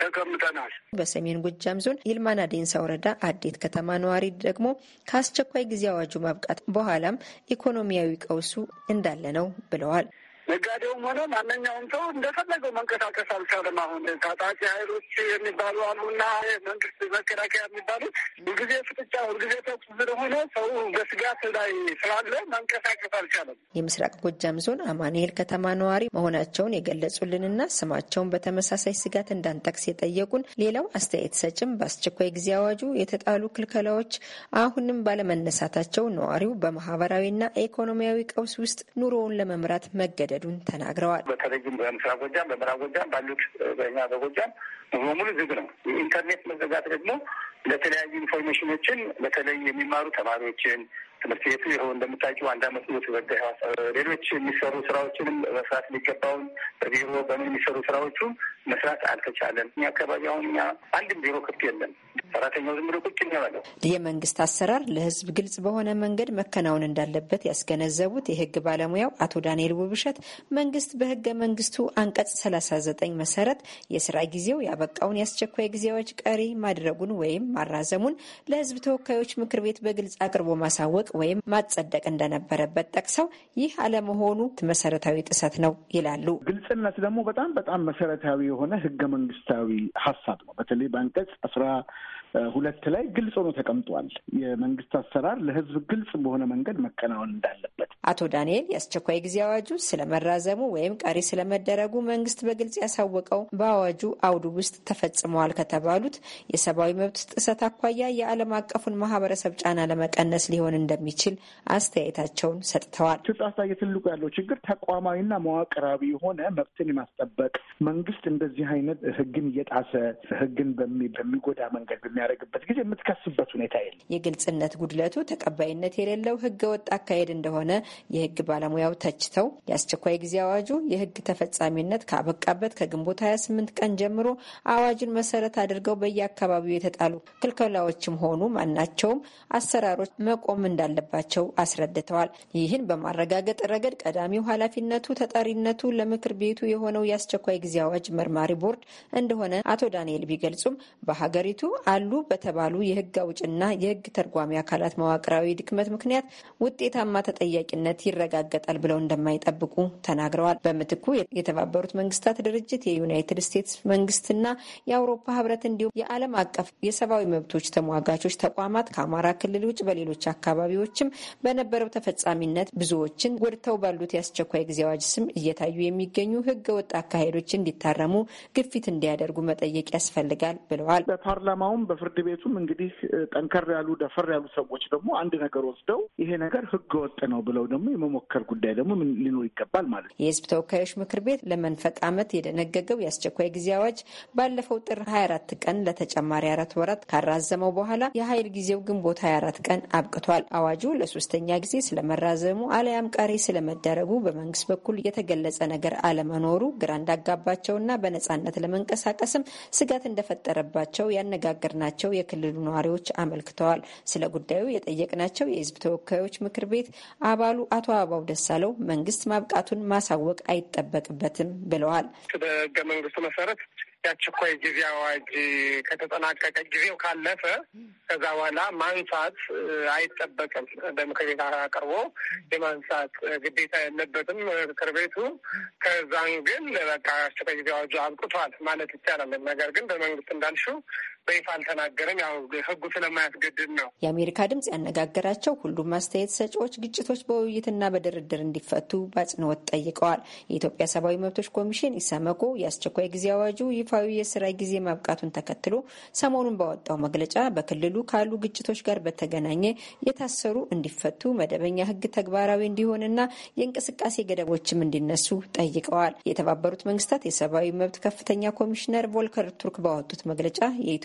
Speaker 4: ተቀምጠናል።
Speaker 7: በሰሜን ጎጃም ዞን ይልማና ዴንሳ ወረዳ አዴት ከተማ ነዋሪ ደግሞ ከአስቸኳይ ጊዜ አዋጁ ማብቃት በኋላም ኢኮኖሚያዊ ቀውሱ እንዳለ ነው ብለዋል።
Speaker 4: ነጋዴውም ሆነ ማንኛውም ሰው እንደፈለገው መንቀሳቀስ አልቻለም። አሁን ታጣቂ ኃይሎች የሚባሉ አሉና መንግስት መከላከያ የሚባሉ ሁልጊዜ ፍጥጫ፣ ሁልጊዜ ተኩስ ስለሆነ ሰው በስጋት ላይ ስላለ መንቀሳቀስ
Speaker 7: አልቻለም። የምስራቅ ጎጃም ዞን አማኑኤል ከተማ ነዋሪ መሆናቸውን የገለጹልንና ስማቸውን በተመሳሳይ ስጋት እንዳንጠቅስ የጠየቁን ሌላው አስተያየት ሰጭም በአስቸኳይ ጊዜ አዋጁ የተጣሉ ክልከላዎች አሁንም ባለመነሳታቸው ነዋሪው በማህበራዊና ኢኮኖሚያዊ ቀውስ ውስጥ ኑሮውን ለመምራት መገደ መገደዱን ተናግረዋል።
Speaker 4: በተለይም በምስራቅ ጎጃም፣ በምዕራብ ጎጃም ባሉት በኛ በጎጃም ሙሉ በሙሉ ዝግ ነው። የኢንተርኔት መዘጋት ደግሞ ለተለያዩ ኢንፎርሜሽኖችን በተለይ የሚማሩ ተማሪዎችን ትምህርት ቤቱ ይኸው እንደምታውቂው አንድ አመት ት በጋ ሌሎች የሚሰሩ ስራዎችንም መስራት የሚገባውን በቢሮ በምን የሚሰሩ ስራዎቹ መስራት አልተቻለም። እኛ አካባቢ አሁን እኛ አንድም ቢሮ ክፍት የለም። ሰራተኛው ዝም ብሎ ቁጭ ያለው።
Speaker 7: የመንግስት አሰራር ለህዝብ ግልጽ በሆነ መንገድ መከናወን እንዳለበት ያስገነዘቡት የህግ ባለሙያው አቶ ዳንኤል ውብሸት መንግስት በህገ መንግስቱ አንቀጽ ሰላሳ ዘጠኝ መሰረት የስራ ጊዜው ያበቃውን የአስቸኳይ ጊዜዎች ቀሪ ማድረጉን ወይም ማራዘሙን ለህዝብ ተወካዮች ምክር ቤት በግልጽ አቅርቦ ማሳወቅ ወይም ማጸደቅ እንደነበረበት ጠቅሰው ይህ አለመሆኑ መሰረታዊ ጥሰት ነው ይላሉ።
Speaker 6: ግልጽነት ደግሞ በጣም በጣም መሰረታዊ የሆነ ህገ መንግስታዊ ሀሳብ ነው። በተለይ በአንቀጽ አስራ ሁለት ላይ ግልጽ ሆኖ ተቀምጧል። የመንግስት አሰራር ለህዝብ ግልጽ በሆነ መንገድ መከናወን እንዳለ
Speaker 7: አቶ ዳንኤል የአስቸኳይ ጊዜ አዋጁ ስለመራዘሙ ወይም ቀሪ ስለመደረጉ መንግስት በግልጽ ያሳወቀው በአዋጁ አውዱ ውስጥ ተፈጽመዋል ከተባሉት የሰብአዊ መብት ጥሰት አኳያ የዓለም አቀፉን ማህበረሰብ ጫና ለመቀነስ ሊሆን እንደሚችል አስተያየታቸውን ሰጥተዋል። ኢትዮጵያ ውስጥ ትልቁ ያለው ችግር ተቋማዊና
Speaker 6: መዋቅራዊ የሆነ መብትን የማስጠበቅ መንግስት እንደዚህ አይነት ህግን እየጣሰ ህግን በሚጎዳ መንገድ በሚያደርግበት ጊዜ የምትከስበት ሁኔታ የለም።
Speaker 7: የግልጽነት ጉድለቱ ተቀባይነት የሌለው ህገ ወጥ አካሄድ እንደሆነ የህግ ባለሙያው ተችተው የአስቸኳይ ጊዜ አዋጁ የህግ ተፈጻሚነት ካበቃበት ከግንቦት 28 ቀን ጀምሮ አዋጁን መሰረት አድርገው በየአካባቢው የተጣሉ ክልከላዎችም ሆኑ ማናቸውም አሰራሮች መቆም እንዳለባቸው አስረድተዋል። ይህን በማረጋገጥ ረገድ ቀዳሚው ኃላፊነቱ ተጠሪነቱ ለምክር ቤቱ የሆነው የአስቸኳይ ጊዜ አዋጅ መርማሪ ቦርድ እንደሆነ አቶ ዳንኤል ቢገልጹም በሀገሪቱ አሉ በተባሉ የህግ አውጭና የህግ ተርጓሚ አካላት መዋቅራዊ ድክመት ምክንያት ውጤታማ ተጠያቂነት ደህንነት ይረጋገጣል ብለው እንደማይጠብቁ ተናግረዋል። በምትኩ የተባበሩት መንግስታት ድርጅት፣ የዩናይትድ ስቴትስ መንግስትና የአውሮፓ ህብረት እንዲሁም የዓለም አቀፍ የሰብአዊ መብቶች ተሟጋቾች ተቋማት ከአማራ ክልል ውጭ በሌሎች አካባቢዎችም በነበረው ተፈጻሚነት ብዙዎችን ጎድተው ባሉት የአስቸኳይ ጊዜ አዋጅ ስም እየታዩ የሚገኙ ህገ ወጥ አካሄዶች እንዲታረሙ ግፊት እንዲያደርጉ መጠየቅ ያስፈልጋል ብለዋል። በፓርላማውም በፍርድ ቤቱም እንግዲህ
Speaker 6: ጠንከር ያሉ ደፈር ያሉ ሰዎች ደግሞ አንድ ነገር ወስደው ይሄ ነገር ህገ ወጥ ነው ብለው ደግሞ የመሞከር ጉዳይ ደግሞ ሊኖር ይገባል ማለት ነው።
Speaker 7: የህዝብ ተወካዮች ምክር ቤት ለመንፈቅ ዓመት የደነገገው የአስቸኳይ ጊዜ አዋጅ ባለፈው ጥር 24 ቀን ለተጨማሪ አራት ወራት ካራዘመው በኋላ የኃይል ጊዜው ግንቦት 24 ቀን አብቅቷል። አዋጁ ለሶስተኛ ጊዜ ስለመራዘሙ አለያም ቀሪ ስለመደረጉ በመንግስት በኩል የተገለጸ ነገር አለመኖሩ ግራ እንዳጋባቸውና በነጻነት ለመንቀሳቀስም ስጋት እንደፈጠረባቸው ያነጋገርናቸው የክልሉ ነዋሪዎች አመልክተዋል። ስለ ጉዳዩ የጠየቅናቸው የህዝብ ተወካዮች ምክር ቤት አባሉ አቶ አበባው ደሳለው መንግስት ማብቃቱን ማሳወቅ አይጠበቅበትም ብለዋል።
Speaker 4: በህገ መንግስቱ መሰረት የአስቸኳይ ጊዜ አዋጅ ከተጠናቀቀ ጊዜው ካለፈ ከዛ በኋላ ማንሳት አይጠበቅም። በምክር ቤት አቅርቦ የማንሳት ግዴታ የለበትም ምክር ቤቱ። ከዛን ግን በቃ አስቸኳይ ጊዜ አዋጁ አብቅቷል ማለት ይቻላል። ነገር ግን በመንግስት እንዳልሽው በይፋ አልተናገረም። ያው ህጉ ስለማያስገድድ ነው።
Speaker 7: የአሜሪካ ድምጽ ያነጋገራቸው ሁሉም አስተያየት ሰጪዎች ግጭቶች በውይይትና በድርድር እንዲፈቱ በአጽንኦት ጠይቀዋል። የኢትዮጵያ ሰብአዊ መብቶች ኮሚሽን ኢሰመኮ የአስቸኳይ ጊዜ አዋጁ ይፋዊ የስራ ጊዜ ማብቃቱን ተከትሎ ሰሞኑን ባወጣው መግለጫ በክልሉ ካሉ ግጭቶች ጋር በተገናኘ የታሰሩ እንዲፈቱ፣ መደበኛ ህግ ተግባራዊ እንዲሆንና የእንቅስቃሴ ገደቦችም እንዲነሱ ጠይቀዋል። የተባበሩት መንግስታት የሰብአዊ መብት ከፍተኛ ኮሚሽነር ቮልከር ቱርክ ባወጡት መግለጫ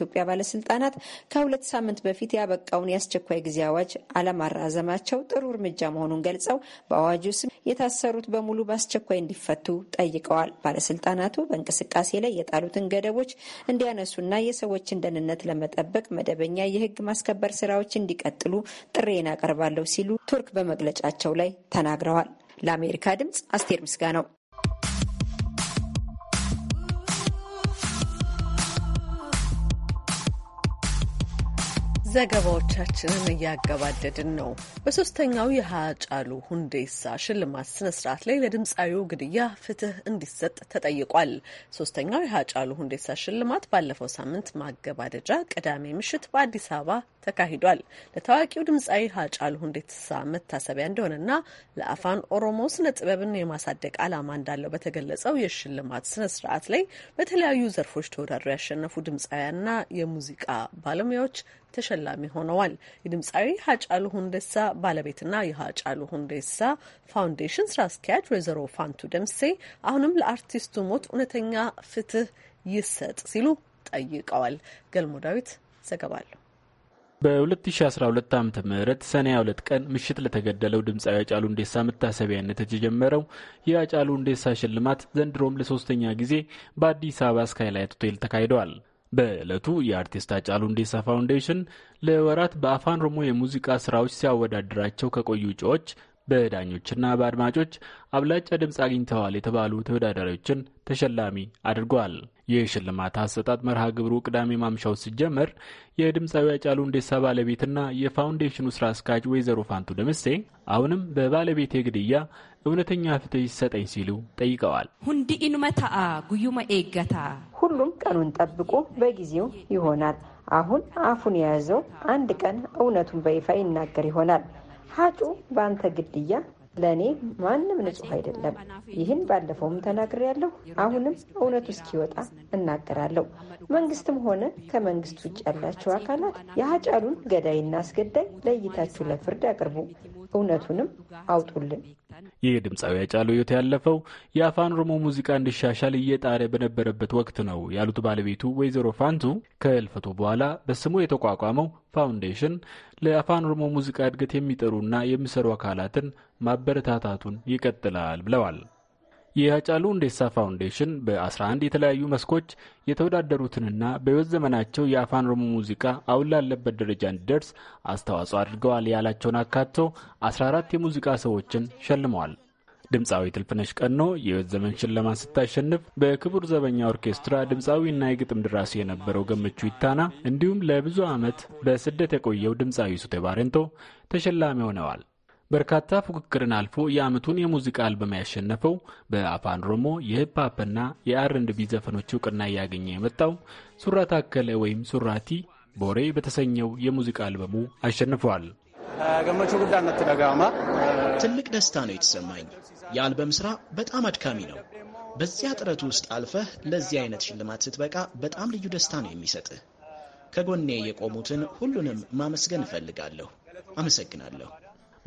Speaker 7: የኢትዮጵያ ባለስልጣናት ከሁለት ሳምንት በፊት ያበቃውን የአስቸኳይ ጊዜ አዋጅ አለማራዘማቸው ጥሩ እርምጃ መሆኑን ገልጸው በአዋጁ ስም የታሰሩት በሙሉ በአስቸኳይ እንዲፈቱ ጠይቀዋል። ባለስልጣናቱ በእንቅስቃሴ ላይ የጣሉትን ገደቦች እንዲያነሱና የሰዎችን ደህንነት ለመጠበቅ መደበኛ የህግ ማስከበር ስራዎች እንዲቀጥሉ ጥሬን አቀርባለሁ ሲሉ ቱርክ በመግለጫቸው ላይ ተናግረዋል። ለአሜሪካ ድምጽ አስቴር ነው።
Speaker 1: ዘገባዎቻችንን እያገባደድን ነው። በሶስተኛው የሀጫሉ ሁንዴሳ ሽልማት ስነ ስርዓት ላይ ለድምፃዊው ግድያ ፍትህ እንዲሰጥ ተጠይቋል። ሶስተኛው የሀጫሉ ሁንዴሳ ሽልማት ባለፈው ሳምንት ማገባደጃ ቅዳሜ ምሽት በአዲስ አበባ ተካሂዷል። ለታዋቂው ድምፃዊ ሀጫሉ ሁንዴሳ መታሰቢያ እንደሆነና ለአፋን ኦሮሞ ስነ ጥበብን የማሳደግ ዓላማ እንዳለው በተገለጸው የሽልማት ስነ ስርዓት ላይ በተለያዩ ዘርፎች ተወዳድረው ያሸነፉ ድምፃውያንና የሙዚቃ ባለሙያዎች ተሸላሚ ሆነዋል። የድምፃዊ ሀጫሉ ሁንዴሳ ባለቤትና የሀጫሉ ሁንዴሳ ፋውንዴሽን ስራ አስኪያጅ ወይዘሮ ፋንቱ ደምሴ አሁንም ለአርቲስቱ ሞት እውነተኛ ፍትህ ይሰጥ ሲሉ ጠይቀዋል። ገልሞ ዳዊት ዘገባለሁ።
Speaker 9: በ2012 ዓ ም ሰኔ 2 ቀን ምሽት ለተገደለው ድምፃዊ አጫሉ እንዴሳ መታሰቢያነት የተጀመረው የአጫሉ እንዴሳ ሽልማት ዘንድሮም ለሶስተኛ ጊዜ በአዲስ አበባ ስካይላይት ሆቴል ተካሂደዋል። በዕለቱ የአርቲስት አጫሉ እንዴሳ ፋውንዴሽን ለወራት በአፋን ሮሞ የሙዚቃ ስራዎች ሲያወዳድራቸው ከቆዩ እጩዎች በዳኞችና በአድማጮች አብላጫ ድምፅ አግኝተዋል የተባሉ ተወዳዳሪዎችን ተሸላሚ አድርጓል። የሽልማት አሰጣጥ መርሃ ግብሩ ቅዳሜ ማምሻው ሲጀመር የድምፃዊ አጫሉ ሁንዴሳ ባለቤትና የፋውንዴሽኑ ስራ አስኪያጅ ወይዘሮ ፋንቱ ደምሴ አሁንም በባለቤቴ ግድያ እውነተኛ ፍትህ ይሰጠኝ ሲሉ ጠይቀዋል።
Speaker 7: ሁንዲ ኢንመታአ ጉዩመ ኤገታ ሁሉም ቀኑን ጠብቆ በጊዜው ይሆናል። አሁን አፉን የያዘው አንድ ቀን እውነቱን በይፋ ይናገር ይሆናል። ሀጩ በአንተ ግድያ ለእኔ ማንም ንጹህ አይደለም። ይህን ባለፈውም ተናግሬያለሁ። አሁንም እውነቱ እስኪወጣ እናገራለሁ። መንግስትም ሆነ ከመንግስት ውጭ ያላቸው አካላት የሀጫሉን ገዳይና አስገዳይ ለይታችሁ ለፍርድ አቅርቡ። እውነቱንም አውጡልን።
Speaker 9: ይህ ድምፃዊ ሃጫሉ ሕይወት ያለፈው የአፋን ኦሮሞ ሙዚቃ እንዲሻሻል እየጣረ በነበረበት ወቅት ነው ያሉት ባለቤቱ ወይዘሮ ፋንቱ ከህልፈቱ በኋላ በስሙ የተቋቋመው ፋውንዴሽን ለአፋን ኦሮሞ ሙዚቃ እድገት የሚጠሩና የሚሰሩ አካላትን ማበረታታቱን ይቀጥላል ብለዋል። የሀጫሉ ሁንዴሳ ፋውንዴሽን በ11 የተለያዩ መስኮች የተወዳደሩትንና በሕይወት ዘመናቸው የአፋን ኦሮሞ ሙዚቃ አሁን ላለበት ደረጃ እንዲደርስ አስተዋጽኦ አድርገዋል ያላቸውን አካቶ 14 የሙዚቃ ሰዎችን ሸልመዋል። ድምፃዊ ትልፍነሽ ቀኖ የሕይወት ዘመን ሽልማት ስታሸንፍ በክቡር ዘበኛ ኦርኬስትራ ድምፃዊና የግጥም ደራሲ የነበረው ገመቹ ይታና እንዲሁም ለብዙ ዓመት በስደት የቆየው ድምፃዊ ሱቴ ባሬንቶ ተሸላሚ ሆነዋል። በርካታ ፉክክርን አልፎ የዓመቱን የሙዚቃ አልበም ያሸነፈው በአፋን ኦሮሞ የሂፕሆፕና የአርንቢ ዘፈኖች እውቅና እያገኘ የመጣው ሱራ ታከለ ወይም ሱራቲ ቦሬ በተሰኘው የሙዚቃ አልበሙ አሸንፈዋል።
Speaker 3: ገመቹ ጉዳነት ደጋማ ትልቅ ደስታ ነው የተሰማኝ። የአልበም ስራ በጣም አድካሚ ነው። በዚያ ጥረት ውስጥ አልፈህ ለዚህ አይነት ሽልማት ስትበቃ በጣም ልዩ ደስታ ነው የሚሰጥህ። ከጎኔ የቆሙትን ሁሉንም ማመስገን እፈልጋለሁ። አመሰግናለሁ።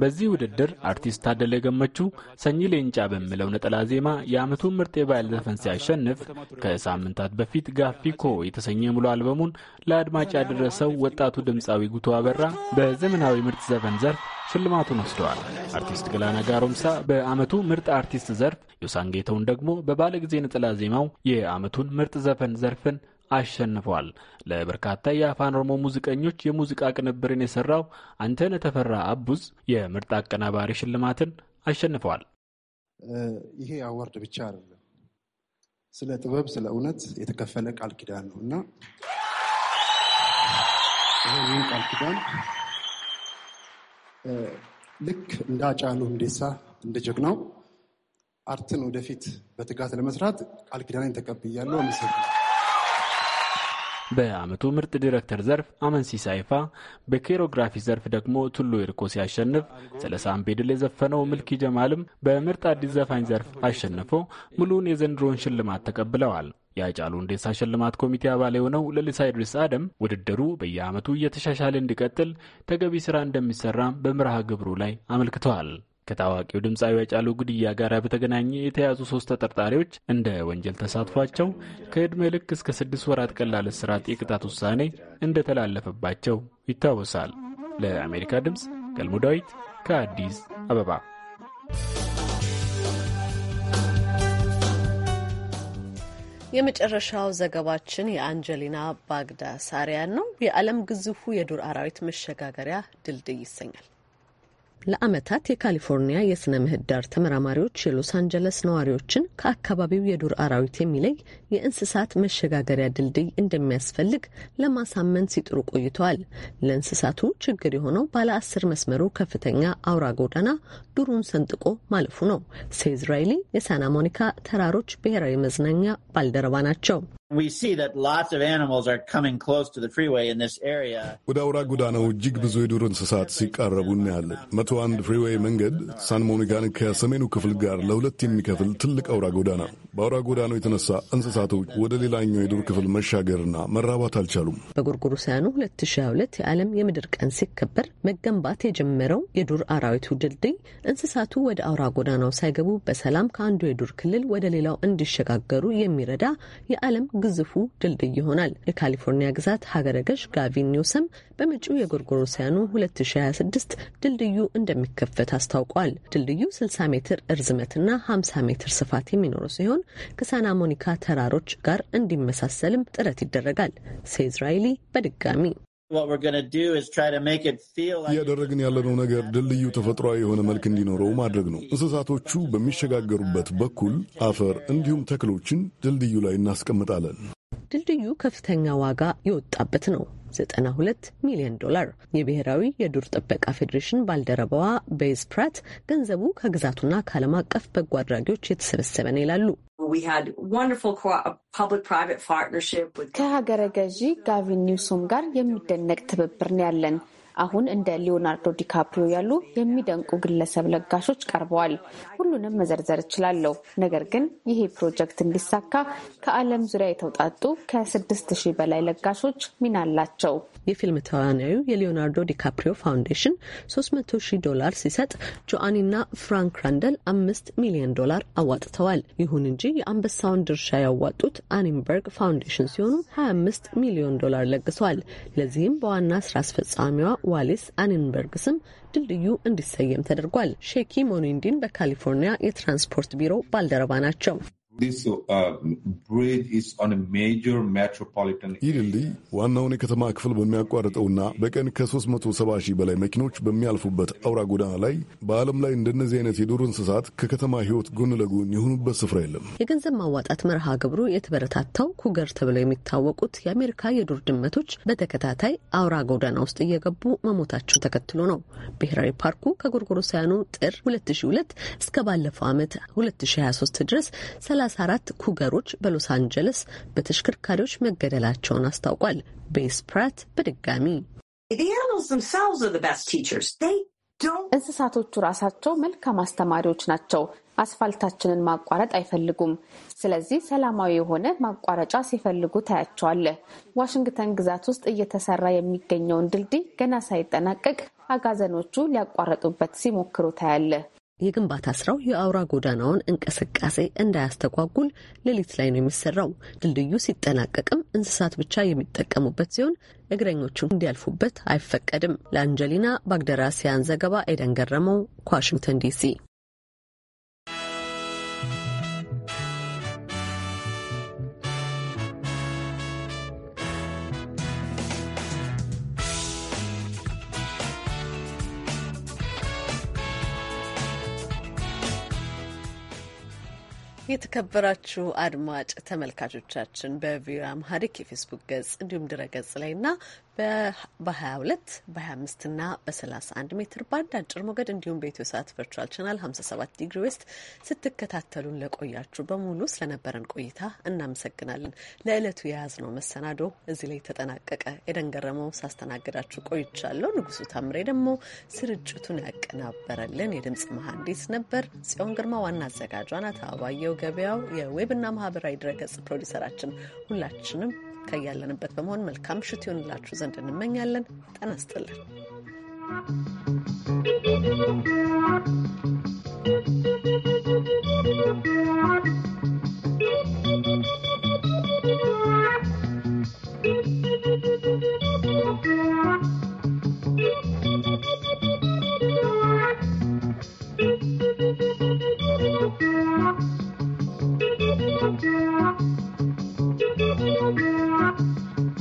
Speaker 9: በዚህ ውድድር አርቲስት ታደለ ገመቹ ሰኚ ሌንጫ በሚለው ነጠላ ዜማ የአመቱ ምርጥ የባህል ዘፈን ሲያሸንፍ ከሳምንታት በፊት ጋፊኮ የተሰኘ ሙሉ አልበሙን ለአድማጭ ያደረሰው ወጣቱ ድምፃዊ ጉቶ አበራ በዘመናዊ ምርጥ ዘፈን ዘርፍ ሽልማቱን ወስደዋል። አርቲስት ገላና ጋሮምሳ በዓመቱ ምርጥ አርቲስት ዘርፍ፣ ዮሳንጌተውን ደግሞ ደግሞ በባለጊዜ ነጠላ ዜማው የዓመቱን ምርጥ ዘፈን ዘርፍን አሸንፏል። ለበርካታ የአፋን ኦሮሞ ሙዚቀኞች የሙዚቃ ቅንብርን የሰራው አንተነ ተፈራ አቡዝ የምርጥ አቀናባሪ ሽልማትን አሸንፏል። ይሄ አዋርድ ብቻ አይደለም፣ ስለ ጥበብ፣ ስለ እውነት የተከፈለ ቃል ኪዳን ነው እና ይህን ቃል ኪዳን ልክ እንደ ሃጫሉ ሁንዴሳ እንደ ጀግናው አርትን ወደፊት
Speaker 8: በትጋት ለመስራት ቃል ኪዳኔን ተቀብያለሁ። አመሰግናለሁ።
Speaker 9: በዓመቱ ምርጥ ዲሬክተር ዘርፍ አመንሲ ሳይፋ፣ በኬሮግራፊ ዘርፍ ደግሞ ቱሉ ይርኮ ሲያሸንፍ፣ ሰለሳን ቤድል የዘፈነው ምልኪ ጀማልም በምርጥ አዲስ ዘፋኝ ዘርፍ አሸንፎ ሙሉውን የዘንድሮን ሽልማት ተቀብለዋል። የአጫሉ ሁንዴሳ ሽልማት ኮሚቴ አባል የሆነው ለሊሳ ኢድሪስ አደም ውድድሩ በየዓመቱ እየተሻሻለ እንዲቀጥል ተገቢ ስራ እንደሚሰራ በመርሃ ግብሩ ላይ አመልክተዋል። ከታዋቂው ድምፃዊ ሃጫሉ ግድያ ጋር በተገናኘ የተያዙ ሶስት ተጠርጣሪዎች እንደ ወንጀል ተሳትፏቸው ከዕድሜ ልክ እስከ ስድስት ወራት ቀላል እስራት የቅጣት ውሳኔ እንደተላለፈባቸው ይታወሳል። ለአሜሪካ ድምፅ ገልሞ ዳዊት ከአዲስ አበባ።
Speaker 1: የመጨረሻው ዘገባችን የአንጀሊና ባግዳ ሳሪያን ነው። የዓለም ግዙፉ የዱር አራዊት መሸጋገሪያ ድልድይ ይሰኛል። ለዓመታት የካሊፎርኒያ የሥነ ምህዳር ተመራማሪዎች የሎስ አንጀለስ ነዋሪዎችን ከአካባቢው የዱር አራዊት የሚለይ የእንስሳት መሸጋገሪያ ድልድይ እንደሚያስፈልግ ለማሳመን ሲጥሩ ቆይተዋል። ለእንስሳቱ ችግር የሆነው ባለ አስር መስመሩ ከፍተኛ አውራ ጎዳና ዱሩን ሰንጥቆ ማለፉ ነው። ሴዝ ራይሊ የሳና ሞኒካ ተራሮች ብሔራዊ መዝናኛ ባልደረባ ናቸው።
Speaker 3: ወደ
Speaker 8: አውራ ጎዳናው እጅግ ብዙ የዱር እንስሳት ሲቃረቡ እናያለን። መቶ አንድ ፍሪዌይ መንገድ ሳን ሞኒካን ከሰሜኑ ክፍል ጋር ለሁለት የሚከፍል ትልቅ አውራ ጎዳና ነው። በአውራ ጎዳናው የተነሳ እንስሳቶች ወደ ሌላኛው የዱር ክፍል መሻገርና መራባት አልቻሉም።
Speaker 1: በጎርጎሮሳውያኑ 2022 የዓለም የምድር ቀን ሲከበር መገንባት የጀመረው የዱር አራዊቱ ድልድይ እንስሳቱ ወደ አውራ ጎዳናው ሳይገቡ በሰላም ከአንዱ የዱር ክልል ወደ ሌላው እንዲሸጋገሩ የሚረዳ የዓለም ግዙፉ ድልድይ ይሆናል። የካሊፎርኒያ ግዛት ሀገረ ገዥ ጋቪን ኒውሰም በመጪው የጎርጎሮሳውያኑ 2026 ድልድዩ እንደሚከፈት አስታውቋል። ድልድዩ 60 ሜትር እርዝመትና 50 ሜትር ስፋት የሚኖረው ሲሆን ከሳና ሞኒካ ተራሮች ጋር እንዲመሳሰልም ጥረት ይደረጋል። ሴዝ በድጋሚ
Speaker 8: እያደረግን ያለነው ነገር ድልድዩ ተፈጥሯዊ የሆነ መልክ እንዲኖረው ማድረግ ነው። እንስሳቶቹ በሚሸጋገሩበት በኩል አፈር እንዲሁም ተክሎችን ድልድዩ ላይ እናስቀምጣለን።
Speaker 1: ድልድዩ ከፍተኛ ዋጋ የወጣበት ነው። 92 ሚሊዮን ዶላር። የብሔራዊ የዱር ጥበቃ ፌዴሬሽን ባልደረባዋ ቤዝ ፕራት ገንዘቡ ከግዛቱና ከዓለም አቀፍ በጎ አድራጊዎች የተሰበሰበ ነው ይላሉ።
Speaker 11: ከሀገረ ገዢ ጋቪን ኒውሶም ጋር የሚደነቅ ትብብር ነው ያለን። አሁን እንደ ሊዮናርዶ ዲካፕሪዮ ያሉ የሚደንቁ ግለሰብ ለጋሾች ቀርበዋል። ሁሉንም መዘርዘር እችላለሁ። ነገር ግን ይሄ ፕሮጀክት እንዲሳካ ከዓለም ዙሪያ የተውጣጡ ከስድስት ሺህ በላይ ለጋሾች ሚና አላቸው።
Speaker 1: የፊልም ተዋናዩ የሊዮናርዶ ዲካፕሪዮ ፋውንዴሽን 300 ሺህ ዶላር ሲሰጥ ጆአኒና ፍራንክ ራንደል አምስት ሚሊዮን ዶላር አዋጥተዋል። ይሁን እንጂ የአንበሳውን ድርሻ ያዋጡት አኒምበርግ ፋውንዴሽን ሲሆኑ 25 ሚሊዮን ዶላር ለግሰዋል። ለዚህም በዋና ስራ አስፈጻሚዋ ዋሊስ አኒንበርግ ስም ድልድዩ እንዲሰየም ተደርጓል። ሼኪ ሞኒንዲን በካሊፎርኒያ የትራንስፖርት ቢሮ ባልደረባ ናቸው።
Speaker 8: Uh, ይህ ድልድይ ዋናውን የከተማ ክፍል በሚያቋርጠውና በቀን ከ370 ሺህ በላይ መኪኖች በሚያልፉበት አውራ ጎዳና ላይ በዓለም ላይ እንደነዚህ አይነት የዱር እንስሳት ከከተማ ሕይወት ጎን ለጎን የሆኑበት ስፍራ የለም።
Speaker 1: የገንዘብ ማዋጣት መርሃ ግብሩ የተበረታታው ኩገር ተብለው የሚታወቁት የአሜሪካ የዱር ድመቶች በተከታታይ አውራ ጎዳና ውስጥ እየገቡ መሞታቸው ተከትሎ ነው። ብሔራዊ ፓርኩ ከጎርጎሮሳያኑ ጥር 2002 እስከ ባለፈው ዓመት 2023 ድረስ 34 ኩገሮች በሎስ አንጀለስ በተሽከርካሪዎች መገደላቸውን አስታውቋል።
Speaker 11: ቤስ ፕራት በድጋሚ እንስሳቶቹ ራሳቸው መልካም አስተማሪዎች ናቸው። አስፋልታችንን ማቋረጥ አይፈልጉም። ስለዚህ ሰላማዊ የሆነ ማቋረጫ ሲፈልጉ ታያቸዋለህ። ዋሽንግተን ግዛት ውስጥ እየተሰራ የሚገኘውን ድልድይ ገና ሳይጠናቀቅ አጋዘኖቹ ሊያቋረጡበት ሲሞክሩ ታያለህ።
Speaker 1: የግንባታ ስራው የአውራ ጎዳናውን እንቅስቃሴ እንዳያስተጓጉል ሌሊት ላይ ነው የሚሰራው። ድልድዩ ሲጠናቀቅም እንስሳት ብቻ የሚጠቀሙበት ሲሆን እግረኞቹ እንዲያልፉበት አይፈቀድም። ለአንጀሊና ባግደራሲያን ዘገባ ኤደን ገረመው ከዋሽንግተን ዲሲ የተከበራችሁ አድማጭ ተመልካቾቻችን በቪኦኤ አምሃሪክ የፌስቡክ ገጽ እንዲሁም ድረ ገጽ ላይ ና በ22 በ25 ና በ31 ሜትር ባንድ አጭር ሞገድ እንዲሁም በኢትዮ ሰዓት ቨርቹዋል ቻናል 57 ዲግሪ ዌስት ስትከታተሉን ለቆያችሁ በሙሉ ስለነበረን ቆይታ እናመሰግናለን። ለዕለቱ የያዝነው መሰናዶ እዚህ ላይ ተጠናቀቀ። ኤደን ገረመው ሳስተናግዳችሁ ቆይቻለሁ። ንጉሱ ታምሬ ደግሞ ስርጭቱን ያቀናበረልን የድምፅ መሐንዲስ ነበር። ጽዮን ግርማ ዋና አዘጋጇ ናት። አበባየው ገበያው የዌብና ማህበራዊ ድረገጽ ፕሮዲሰራችን ሁላችንም ከያለንበት በመሆን መልካም ምሽት ይሆንላችሁ ዘንድ እንመኛለን። ጤና ይስጥልን።